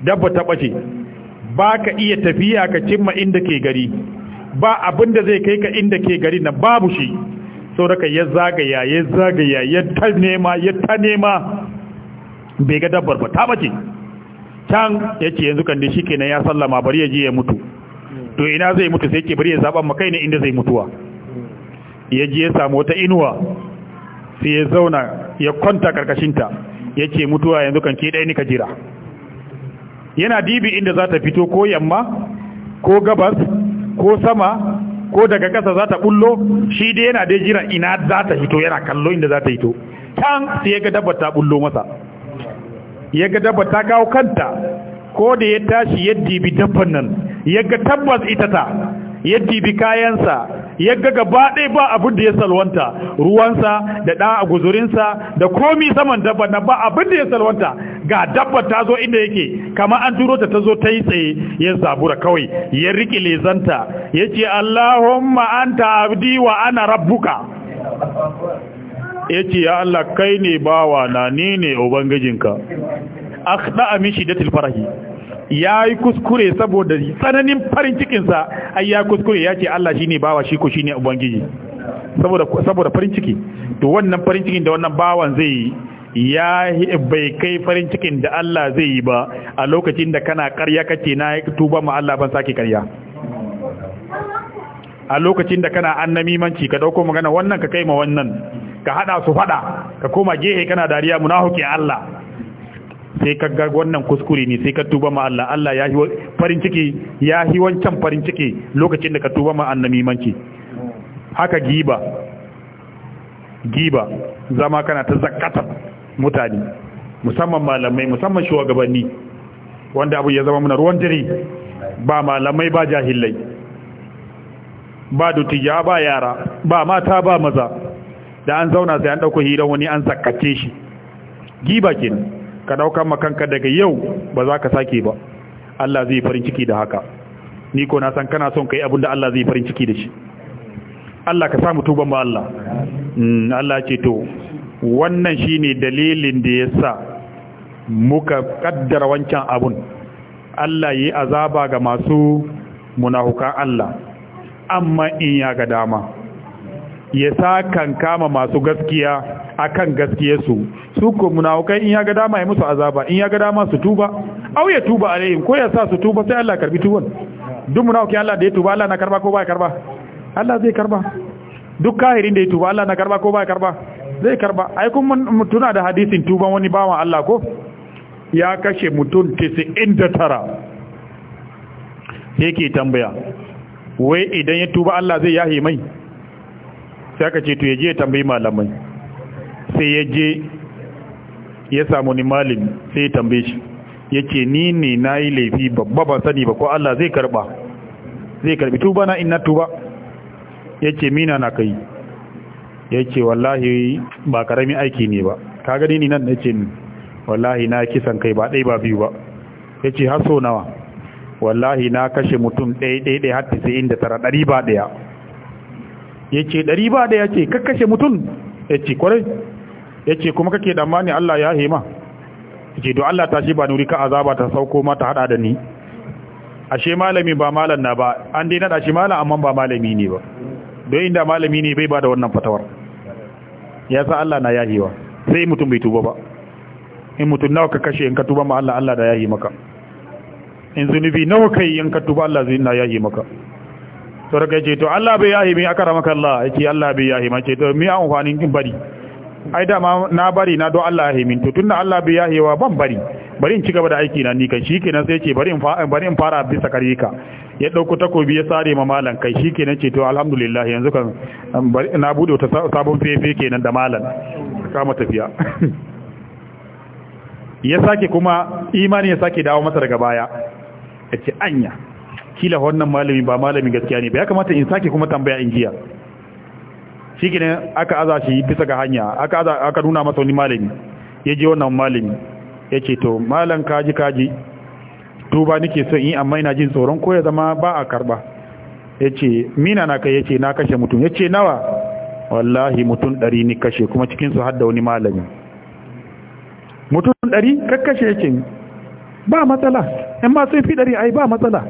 dabba ta bace ba ka iya tafiya ka cimma inda ke gari ba abinda zai kai ka inda ke gari na babu shi sauraka ya zagaya ya zagaya ya ta nema ya ta nema bai ga dabbar ba ta bace can ya ce yanzu kan da shi kenan ya sallama bari ya je ya mutu to ina zai mutu sai ke bari ya zaɓa makai ne inda zai mutuwa ya je ya samu wata inuwa sai ya zauna ya kwanta karkashinta ya ce mutuwa yanzu kan ke ɗaya ni ka jira yana dibi inda za ta fito ko yamma ko gabas ko sama ko daga ƙasa za ta bullo shi dai yana dai jiran ina za ta hito yana kallo inda za ta hito can sai ya ga dabba ta bullo masa ya ga dabba kawo kanta ko da ya tashi ya bi dabban nan ya ga tabbas ita ta ya dibi kayansa ya ga gaba ɗaya ba abin da ya salwanta ruwansa da ɗan aguzurinsa da komi saman dabba na ba abin da ya salwanta ga dabba ta zo inda yake kama an turo ta ta zo ta yi tsaye ya zabura kawai ya riƙe lezanta ya ce Allahumma anta abdi wa ana rabbuka ya ce ya Allah kai ne bawa na ni ne ubangijinka akhda mishi da farahi ya yi kuskure saboda tsananin farin cikinsa ai ya kuskure ya ce Allah shi ne bawa shi ko shi ne ubangiji saboda farin ciki to wannan farin cikin da wannan bawan zai yi ya bai kai farin cikin da Allah zai yi ba a lokacin da kana karya kace na tuba ma Allah ban sake karya a lokacin da kana namimanci ka dauko magana wannan ka kai ma wannan ka hada su fada ka koma gehe kana dariya munafiqin Allah sai ka ga wannan kuskure ne sai ka tuba ma Allah Allah ya yi farin ciki ya yi wancan farin ciki lokacin da ka tuba ma annabi manci haka giba giba zama kana ta zakata mutane musamman malamai musamman shugabanni wanda abu ya zama muna ruwan jiri ba malamai ba jahilai ba dutiya ba yara ba mata ba maza da an zauna sai an ɗauko hiran wani an zakace shi giba kenan ka ɗauka kanka daga yau ba za ka sake ba Allah zai farin ciki da haka ni ko na san kana son kai abin da Allah zai farin ciki da shi Allah ka samu tuban ba Allah mm, Allah ce to wannan shine dalilin da yasa muka ƙaddara wancan abun Allah yi azaba ga masu munafukan Allah amma in ya ga dama ya sa kan kama masu gaskiya akan gaskiyarsu su ko munafukai in ya ga dama ya musu azaba in ya ga dama su tuba au ya tuba alaihim ko ya sa su tuba sai Allah karbi tuban duk munafuki Allah da ya tuba Allah na karba ko ba ya karba Allah zai karba duk kahirin da ya tuba Allah na karba ko ba ya karba zai karba ai kun tuna da hadisin tuban wani bawan Allah ko ya kashe mutum 99 yake tambaya wai idan ya tuba Allah zai yahi mai sai aka ce to yaje tambayi malamai sai ya je ya samu ni malin sai ya tambaye shi ya ce ni ne na yi laifi babba ba sani ba ko Allah zai karba zai karbi tuba na ina tuba ya ce mina na kai ya ce wallahi ba karami aiki ne ba ka gani ni nan ya ce wallahi na kisan kai ba ɗai ba biyu ba ya ce haso nawa wallahi na kashe mutum ɗai ɗai ɗai hatta sai inda tara ɗari ba ɗaya ya ce ɗari ba ɗaya ce kakkashe mutum ya ce kwarai yace kuma kake da mani Allah ya hima yace do Allah ta shi ba nuri ka azaba ta sauko ma ta hada da ni ashe malami ba malan na ba an dai nada shi malan amma ba malami ne ba don inda malami ne bai bada wannan fatawar ya sa Allah na yahiwa sai mutum bai tuba ba in mutum nawa ka kashe in ka tuba ma Allah Allah da yahi maka in zunubi nawa kai in ka tuba Allah zai na yahi maka to daga ce to Allah bai yahi mi aka ramaka Allah yace Allah bai yahi ma ce to mi an amfanin kin bari ai dama na bari na don Allah ya himinto tunda Allah bai wa ban bari bari in ci gaba da aiki na ni kan shikenan sai ce bari in bari in fara bisa kare ya dauko takobi ya sare ma malan kai shikenan ce to alhamdulillah yanzu kan um, na bude ta sabon fefe kenan da malan kama tafiya ya sake kuma imani ya sake dawo masa daga baya yace anya kila wannan malami ba malami gaskiya ne ba ya kamata in sake kuma tambaya in jiya shi aka aza shi bisa ga hanya aka nuna masa wani malami ya je wannan malami ya ce to malam kaji kaji duba nike son yi amma ina jin tsoron ko ya zama ba a karba ya ce mina na kai ya ce na kashe mutum ya ce nawa wallahi mutum ɗari ni kashe kuma cikinsu su da wani malami mutum ɗari kakkashe ya ce ba matsala in sun fi ɗari ai ba matsala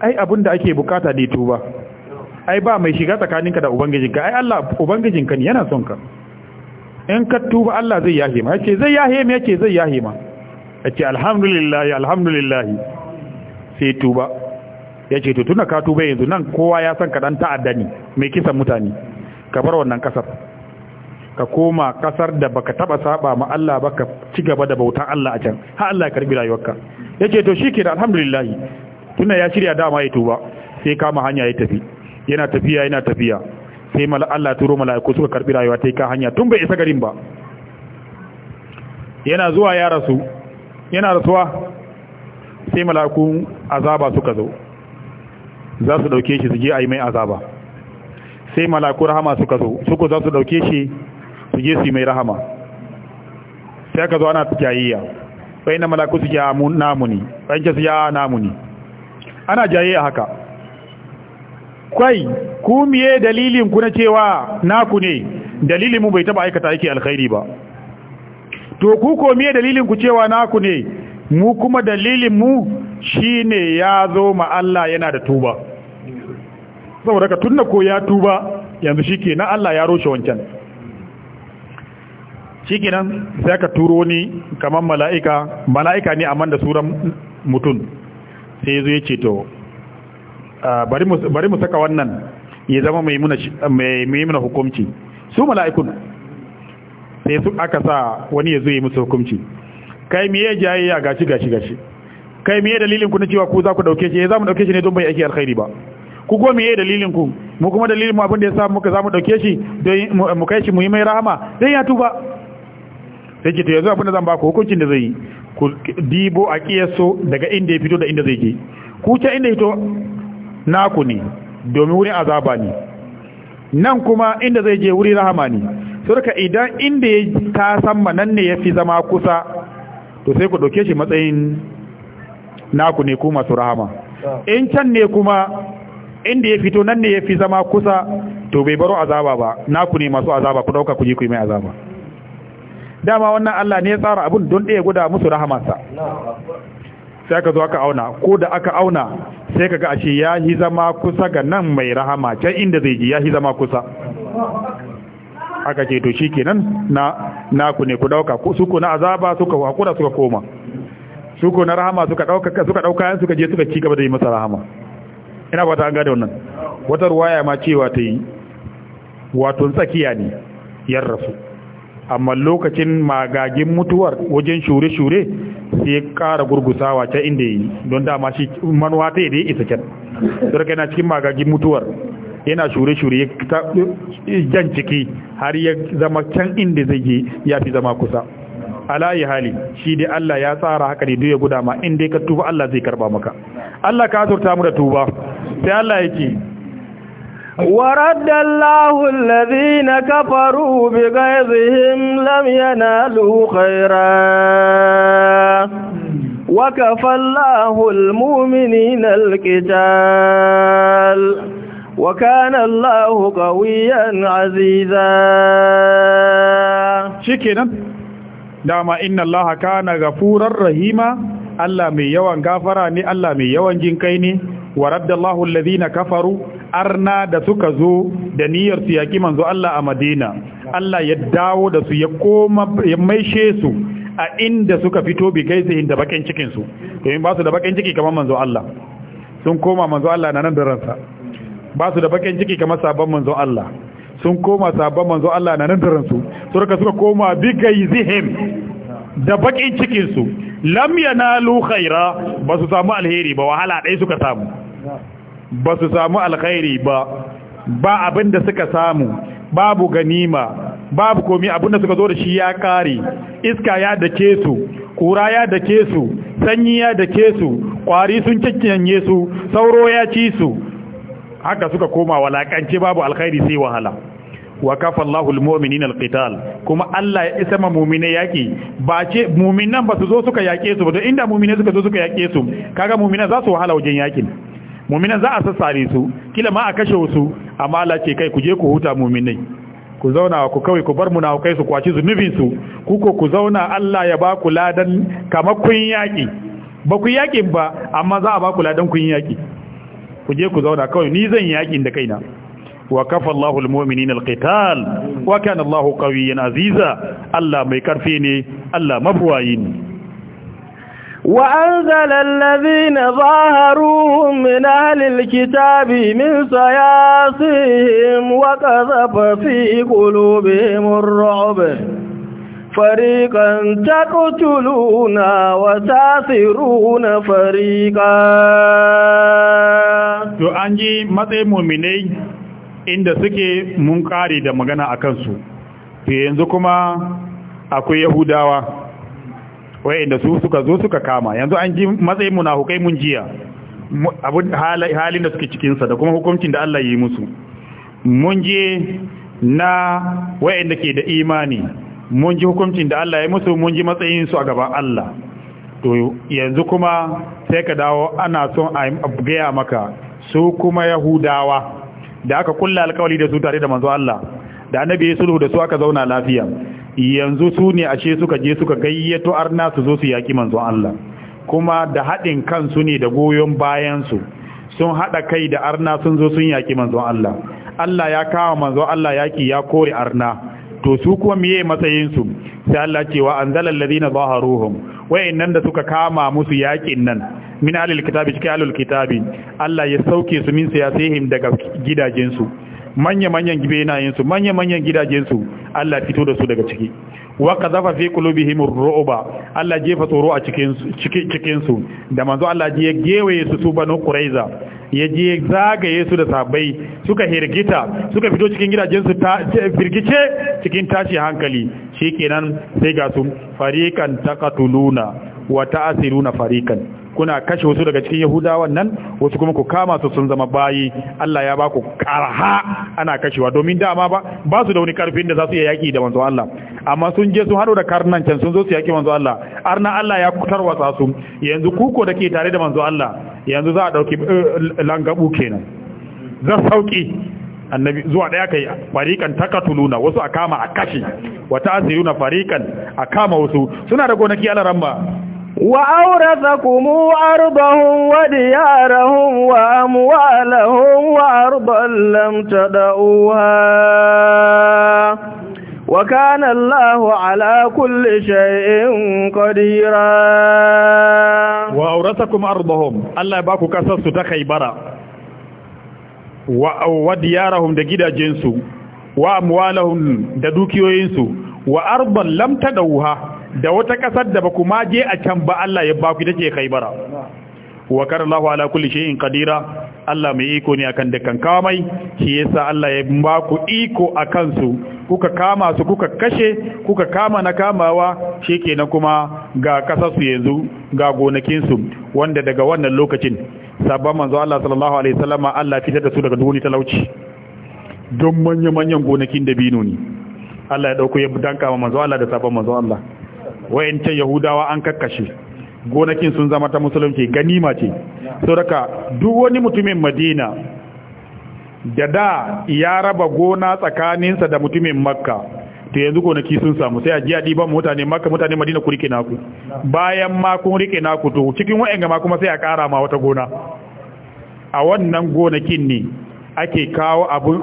ai abin da ake bukata ya tuba ai ba mai shiga tsakaninka da ubangijinka ai Allah ubangijinka ne yana son ka in ka tuba Allah zai yahe ma yace zai yahe ma yace zai yahe ma yace alhamdulillah alhamdulillah sai tuba yace to tuna ka tuba yanzu nan kowa ya san ka dan ta'adda ne mai kisan mutane ka bar wannan kasar ka koma kasar da baka taba saba ma Allah baka ci gaba da bautan Allah a can Ha Allah ya karbi rayuwarka yace to shikenan alhamdulillah tuna ya shirya dama ya tuba sai kama hanya ya tafi yana tafiya yana tafiya sai mala Allah turo mala'iku suka karbi rayuwa ta ka hanya tun bai isa garin ba yana zuwa ya rasu yana rasuwa sai mala'iku azaba suka zo za su dauke shi su je a yi mai azaba sai mala'iku rahama suka zo suku za su dauke shi su je su yi mai rahama sai aka zo ana jayayya bayin mala'iku su ja namuni bayin su ya namuni ana jayayya haka kwai ku miye dalilin ku na cewa naku ne dalilin mu bai taba aikata aiki alkhairi ba to ku ko miye dalilin ku cewa naku ne mu kuma dalilin mu shine ya zo ma Allah yana da tuba saboda ka tunna ko ya tuba yanzu shike na Allah ya roshe wancan shikenan sai ka turo ni kaman mala'ika mala'ika ne amma da suran mutum sai yazo ya ce to bari mu saka wannan ya zama mai muna hukumci su mala'ikun sai su aka sa wani ya zo yi musu hukumci kai miye ya gashi gashi gashi kai miye dalilin ku na cewa ku za ku dauke shi ya eh, za mu dauke shi ne don bai aiki alkhairi ba ku kuma miye dalilin ku mu kuma dalilin mu abin da ya sa muka za mu dauke shi don mu kai shi mu yi mai rahama dai ya tuba sai ki to yanzu abin da zan ba ku hukuncin da zai yi ku dibo a kiyaso daga inda ya fito da inda zai je ku ta inda ya fito naku ne domin wurin azaba ne nan kuma inda zai je wuri rahama ne surka idan inda ya ta san nan ne ya fi zama kusa to sai ku ɗauke shi matsayin naku ne ku masu rahama in can ne kuma inda ya fito nan ne ya fi zama kusa to bai baro azaba ba naku ne masu azaba ku ɗauka ku ji ku yi mai azaba dama wannan Allah ne ya tsara abin don ɗaya guda musu rahamarsa sai aka zo aka auna ko da aka auna sai kaga ashe ya yi zama kusa ga nan mai rahama can inda zai ji ya yi zama kusa aka ce to shi kenan na ku ne ku dauka su ku na azaba suka hakura suka koma su ku na rahama suka dauka suka dauka suka je suka ci gaba da yi masa rahama ina ta an gada wannan wata ruwaya ma cewa ta yi wato tsakiya ne yarrafu rasu amma lokacin magagin mutuwar wajen shure-shure sai ya ƙara gurgusawa ta inda yi don dama shi manuwa ta da ya isa can kyan kai na cikin magagin mutuwar yana shure-shure jan ciki har ya zama can inda zai yi ya fi zama kusa alayi hali shi dai Allah ya tsara haka ne duk ya guda ma inda ka tuba Allah zai karba maka Allah ka azurta mu da tuba sai Allah yake ورد الله الذين كفروا بغيظهم لم ينالوا خيرا وكفى الله المؤمنين القتال وكان الله قويا عزيزا شكرا دعما إن الله كان غفورا رحيما Allah mai yawan gafara ne Allah mai yawan jinkai ne wa raddallahu alladhina kafaru arna da suka zo da niyyar su yaki manzo Allah a Madina Allah ya dawo da su ya koma ya maishe su a inda suka fito bi kai sai inda bakin cikin su domin ba su da bakin ciki kamar manzo Allah sun koma manzo Allah na nan da ransa ba su da bakin ciki kamar sabon manzo Allah sun koma sabon manzo Allah na nan da ransu suka suka koma bi kai zihim da bakin cikinsu lam yanalu khaira ba su samu alheri ba wahala ɗaya suka samu ba su samu alkhairi ba ba abin da suka samu babu ganima babu komi abin da suka zo da shi ya kare iska ya dake su kura ya dake su sanyi ya dake su kwari sun cikinye su sauro ya ci su haka suka koma walakance babu alkhairi sai wahala wa kafa Allahu al-qital kuma Allah ya isa ma mu'mine yaki ba ce mu'minan ba su zo suka yake su ba to inda mu'mine suka zo suka yake su kaga mu'minan za su wahala wajen yakin mu'minan za a sassare su kila ma a kashe su amma Allah ce kai ku je ku huta mu'minai ku zauna ku kawai ku bar kai su kwaci zunubin su kuko ku zauna Allah ya ba ku ladan kamar kun yaki ba ku yakin ba amma za a ba ku ladan kun yaki ku je ku zauna kawai ni zan yakin da kaina wa kafa Allahu almu'minina alqital wa kana Allahu qawiyyan aziza Allah mai karfi ne Allah mabuwayi ne وأنزل الذين ظاهروهم من أهل الكتاب من سياسهم وقذف في قلوبهم الرعب فريقا تقتلون وتاثرون فريقا تو أنجي مطي مؤمنين inda suke mun kare da magana a kansu to yanzu kuma akwai yahudawa inda su suka zo suka kama yanzu an ji matsayin hukai mun jiya abin halin da suke cikinsa da kuma hukuncin da Allah yi musu mun je na inda ke da imani mun ji hukuncin da Allah ya musu mun ji matsayin su a gaban Allah to yanzu kuma sai ka dawo ana son a gaya maka su kuma yahudawa da aka kulla alkawali da su tare da manzo Allah da annabi ya sulhu da su aka zauna lafiya yanzu su ne ashe suka je suka gayyato arna su zo su yaki manzo Allah kuma da haɗin kansu ne da goyon bayan su sun haɗa kai da arna sun zo sun yaki manzo Allah Allah ya kawo manzo Allah yaki ya kore arna to su kuma matsayin matsayinsu sai Allah cewa anzalal ladina zaharuhum wayannan da suka kama musu yakin nan min ahlil kitabi cikin ahlul kitabi Allah ya sauke su min siyasihim daga gidajensu manya-manyan su manya-manyan gidajensu Allah fito da su daga ciki wa qadhafa fi qulubihim ar-ru'ba Allah jefa tsoro a cikin cikin su da manzo Allah ya gewaye su su banu quraiza ya je zagaye su da sabai suka hirgita suka fito cikin gidajensu ta firgice cikin tashi hankali shikenan sai ga su fariqan taqatuluna wa ta'siruna fariqan kuna kashe wasu daga cikin yahudawan nan wasu kuma ku kama su sun zama bayi Allah ya baku karha ana kashewa domin dama ba ba su da wani karfin da za su iya yaki da manzo Allah amma sun je sun hado da karnan can sun zo su yaki manzo Allah arna Allah ya wasa su yanzu kuko da ke tare da manzo Allah yanzu za a dauki eh, langabu kenan za sauki annabi zuwa daya kai fariqan takatuluna wasu a kama a kashi wa ta'siruna fariqan a kama wasu suna da gonaki alaran وأورثكم أرضهم وديارهم وأموالهم وأرضا لم تدعوها وكان الله على كل شيء قديرا وأورثكم أرضهم الله يباكو كسس تخيبرا وديارهم دقيدا جنسو وأموالهم دوكيوينسو وأرضا لم تدعوها da wata kasar da ba ma je a can ba Allah ya ku ita ce Khaybara wa karallahu ala kulli shay'in qadira Allah mai iko ne akan dukkan kamai shi yasa Allah ya ku iko akan su kuka kama su kuka kashe kuka kama na kamawa shikenan kuma ga kasar su yanzu ga gonakin su wanda daga wannan lokacin sabon manzo Allah sallallahu alaihi wasallama Allah fitar da su daga duniya talauci don manya-manyan gonakin da binu ne Allah ya dauko ya danka manzo Allah da sabon manzo Allah wayancan yahudawa an kakkashe gonakin sun zama ta musulunci ganima ce saboda duk wani mutumin madina da da ya raba gona tsakaninsa da mutumin makka to yanzu gonaki sun samu sai a ji a ɗiban mutane makka mutane madina ku rike naku bayan ma kun rike naku to cikin wa'anga ma kuma sai a ƙara ma wata gona a wannan gonakin ne ake kawo abun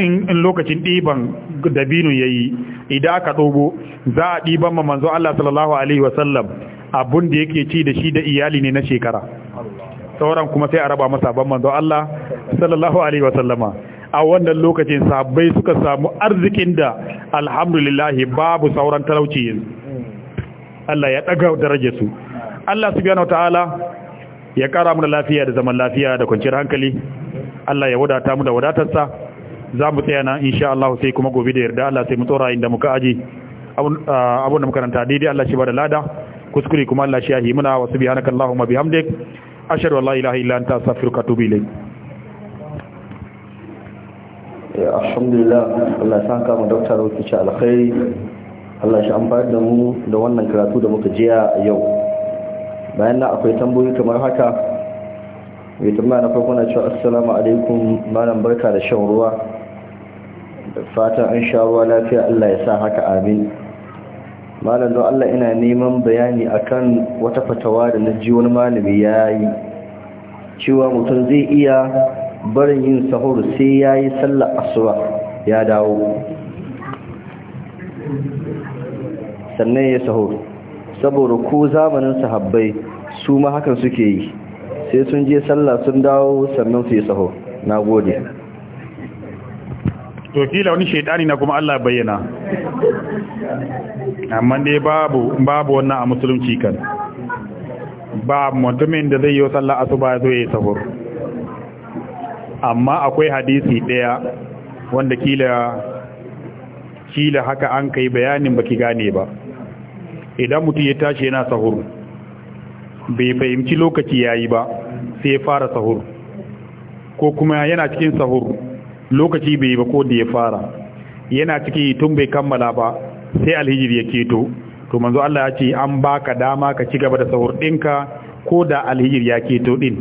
in lokacin ɗiban dabinu ya yi idan aka dogo za a diban ma manzo Allah sallallahu alaihi wasallam abun da yake ci da shi da iyali ne na shekara sauran kuma sai a raba masa ban manzo Allah sallallahu alaihi wasallama a wannan lokacin sabbai suka samu arzikin da alhamdulillah babu sauran talauci yanzu Allah ya ɗaga darajar su Allah subhanahu wataala ya kara mu da lafiya da zaman lafiya da kwanciyar hankali Allah ya wadata mu da wadatarsa za mu tsaya nan insha Allah sai kuma gobe da yarda Allah sai mu tsora inda muka aji abun da muka ranta daidai Allah shi ba da lada kuskure kuma Allah shi ya yi muna wa subhanaka Allahumma bihamdik ashhadu an la ilaha illa anta astaghfiruka wa atubu ilayk alhamdulillah Allah ya saka mu dokta rokici alkhairi Allah shi amfani da mu da wannan karatu da muka jiya yau bayan nan akwai tambayoyi kamar haka mai tambaya na farko na cewa assalamu alaikum malam barka da shan ruwa fatan an sha ruwa lafiya Allah ya sa haka amin malam don Allah ina neman bayani akan wata fatawa da na ji wani malami ya yi cewa mutum zai iya barin yin sahur sai ya yi sallar asuba ya dawo sannan ya sahur saboda ko zamanin sahabbai su ma hakan suke yi sai sun je sallah sun dawo sannan su yi sahur na gode to kila wani shaidani na kuma Allah bayyana amma dai babu babu wannan a musulunci kan ba mutumin da zai yi sallah asuba zo yi sahur amma akwai hadisi daya wanda kila kila haka an kai bayanin baki gane ba idan mutum ya tashi yana sahur bai fahimci lokaci yayi ba sai ya fara sahur ko kuma yana cikin sahur lokaci bai ba ko da ya fara yana ciki tun bai kammala ba sai alhijir ya keto to manzo Allah ya ce an baka dama ka ci gaba da sahur ɗinka ko da alhijir ya keto din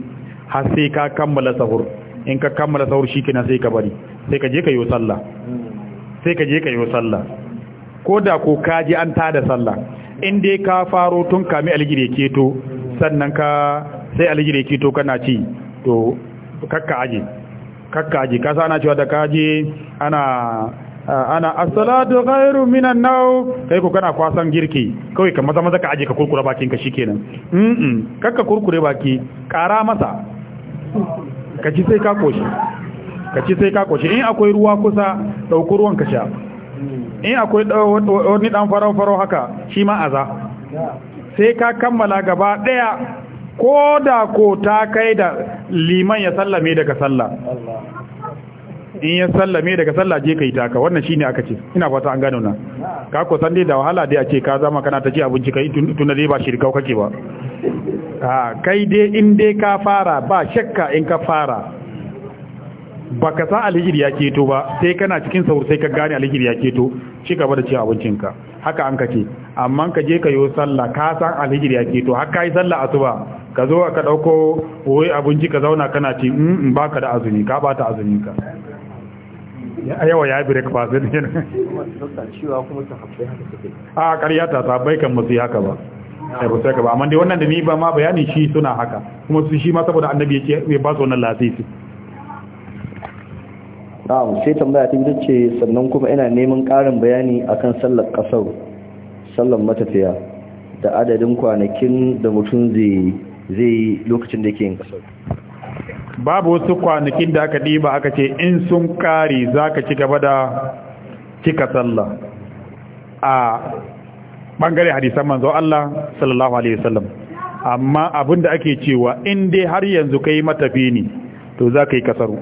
har sai ka kammala sahur in ka kammala sahur shi kina sai ka bari sai ka je ka yi sallah sai ka je ka yi sallah ko da ko ka ji an tada sallah in dai ka faro tun kami alhijir ya keto sannan ka sai alhijir ya keto kana ci to kakka aje kakkaji kasa ana cewa da kaji ana ana as-salatu khairu minan naw kai ko kana kwasan girki kai kamar zama zaka aje ka kurkure bakin ka shikenan mm kakka kurkure baki kara masa ka ci sai ka koshi ka ci sai ka koshi in akwai ruwa kusa dauki ruwan ka sha in akwai wani dan farau farau haka shi ma aza sai ka kammala gaba daya ko da ko ta kai da liman ya sallame daga sallah in ya sallame daga sallah je kai taka wannan shine aka ce ina fata an gano na ka ko san dai da wahala dai a ce ka zama kana ta ci abinci kai tun dai ba shirkau kake ba a kai dai in dai ka fara ba shakka in ka fara baka sa alhijri ya keto ba sai kana cikin saur sai ka gane alhijri ya keto ci gaba da ci ka, haka an kace amma ka je ka yo sallah ka san alhijri ya keto har kai sallah asuba ka zo ka ɗauko wai abinci ka zauna kana ci mm, in ba ka da azumi ka ɓata azumin ka yawa ya yi breakfast ne a ƙarya ta sabai kan musu haka ba sai ba sai ka ba amma dai wannan da ni ba ma bayani shi suna haka kuma su shi ma saboda annabi ya ba su wannan lasisi na'am sai tambaya ta gidan ce sannan kuma ina neman ƙarin bayani akan sallar ƙasar sallar matafiya da adadin kwanakin da mutum zai zai yi lokacin da yake yin kasar babu wasu kwanakin da aka ɗiba aka ce in sun ƙari za ka ci gaba da cika sallah a ɓangare hadisan manzo Allah sallallahu alaihi wasallam amma abin da ake cewa in dai har yanzu kai matafi ne to za ka yi kasaru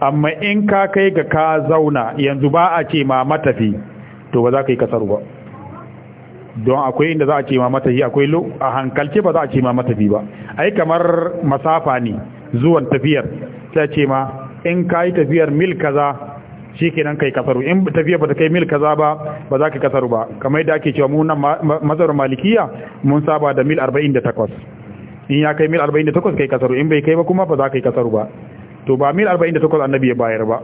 amma in ka kai ga ka zauna yanzu ba a ce ma matafi to ba za ka yi kasaru ba don akwai inda za a ce ma matafi akwai lo a hankalce ba za a ce ma matafi ba ai kamar masafa ne zuwan tafiyar ta ce ma in ka yi tafiyar mil kaza shi kenan kai kasaru in tafiyar ba ta kai mil kaza ba ba za ka kasaru ba kamar yadda ake cewa munan mazhabar malikiya mun saba da mil 48 in ya kai mil 48 kai kasaru in bai kai ba kuma ba za ka yi kasaru ba to ba mil 48 annabi ya bayar ba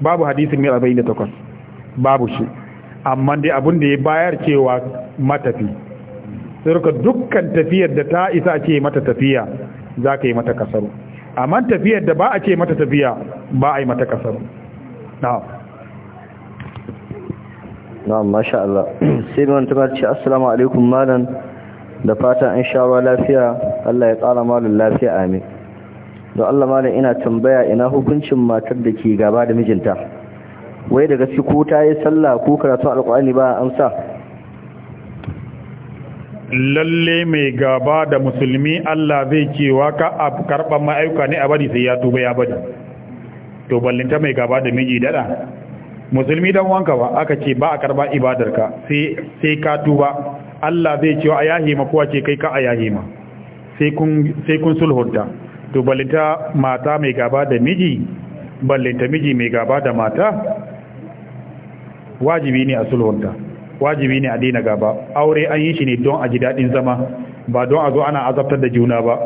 babu hadisin mil 48 babu shi amma dai abin da ya bayar cewa matafi sirka dukkan tafiyar da ta isa ce mata tafiya za ka yi mata kasaru amma tafiyar da ba a ce mata tafiya ba a yi mata kasaru na'am na'am masha Allah sai wani tabar ce assalamu alaikum malam da fatan in sha ruwa lafiya Allah ya tsara Malam lafiya amin don Allah malam ina tambaya ina hukuncin matar da ke gaba da mijinta wai daga ciki ko ta yi sallah ko karatu alqur'ani ba amsa lalle mai gaba da musulmi Allah zai cewa ka a karɓar ma'aika ne a bari sai ya tuba ya bari to ballinta mai gaba da miji dada musulmi dan wanka ba aka ce ba a karɓa ibadarka sai ka tuba Allah zai cewa a ma kowa ce kai ka a yahima sai kun sulhunta to ballinta mata mai gaba da miji ballinta miji mai gaba da mata wajibi ne a sulhunta wajibi ne a daina gaba aure an yi shi ne don a ji daɗin zama ba don a zo ana azabtar da juna ba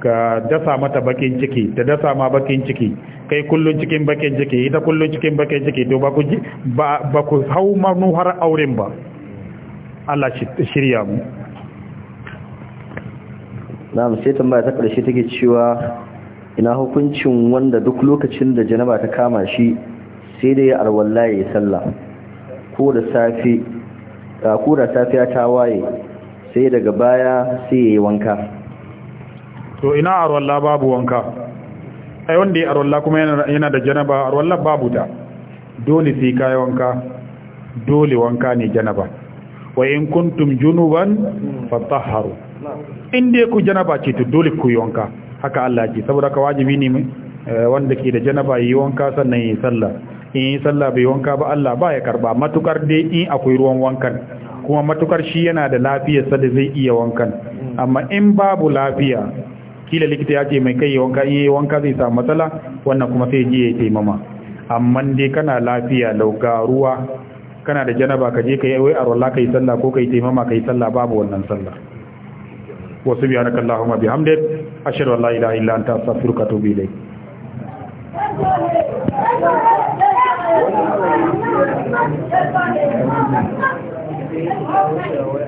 ka dasa mata bakin ciki ta dasa ma bakin ciki kai kullun cikin bakin ciki ita kullun cikin bakin ciki to ba ku ba ku hau manu har auren ba Allah shirya mu na'am sai tambaya ta karshe take cewa ina hukuncin wanda duk lokacin da janaba ta kama shi sai dai arwalla ya yi sallah ko da safiya ta waye sai daga baya sai ya yi wanka to ina arwalla babu wanka ai wanda ya arwalla kuma yana da janaba arwalla babu ta dole sai kayi wanka dole wanka ne janaba wa in kuntum junuban fatahharu inda ku janaba ce to dole ku yi wanka haka Allah ce saboda ka wajibi ne eh, wanda ke da janaba yi wanka sannan yi sallah in sallah bai wanka ba Allah ba ya karba matukar dai in akwai ruwan wankan kuma matukar shi yana da lafiyarsa da zai iya wankan amma in babu lafiya kila likita ya ce mai kai wanka in yi wanka zai samu matsala wannan kuma sai je ya taimama amma dai kana lafiya lauka ruwa kana da janaba ka je kai yi wai arwala ka sallah ko ka yi taimama ka sallah babu wannan sallah wasu subhanakallahumma bihamdika ashhadu an la ilaha illa anta astaghfiruka wa atubu ilayk Thank you.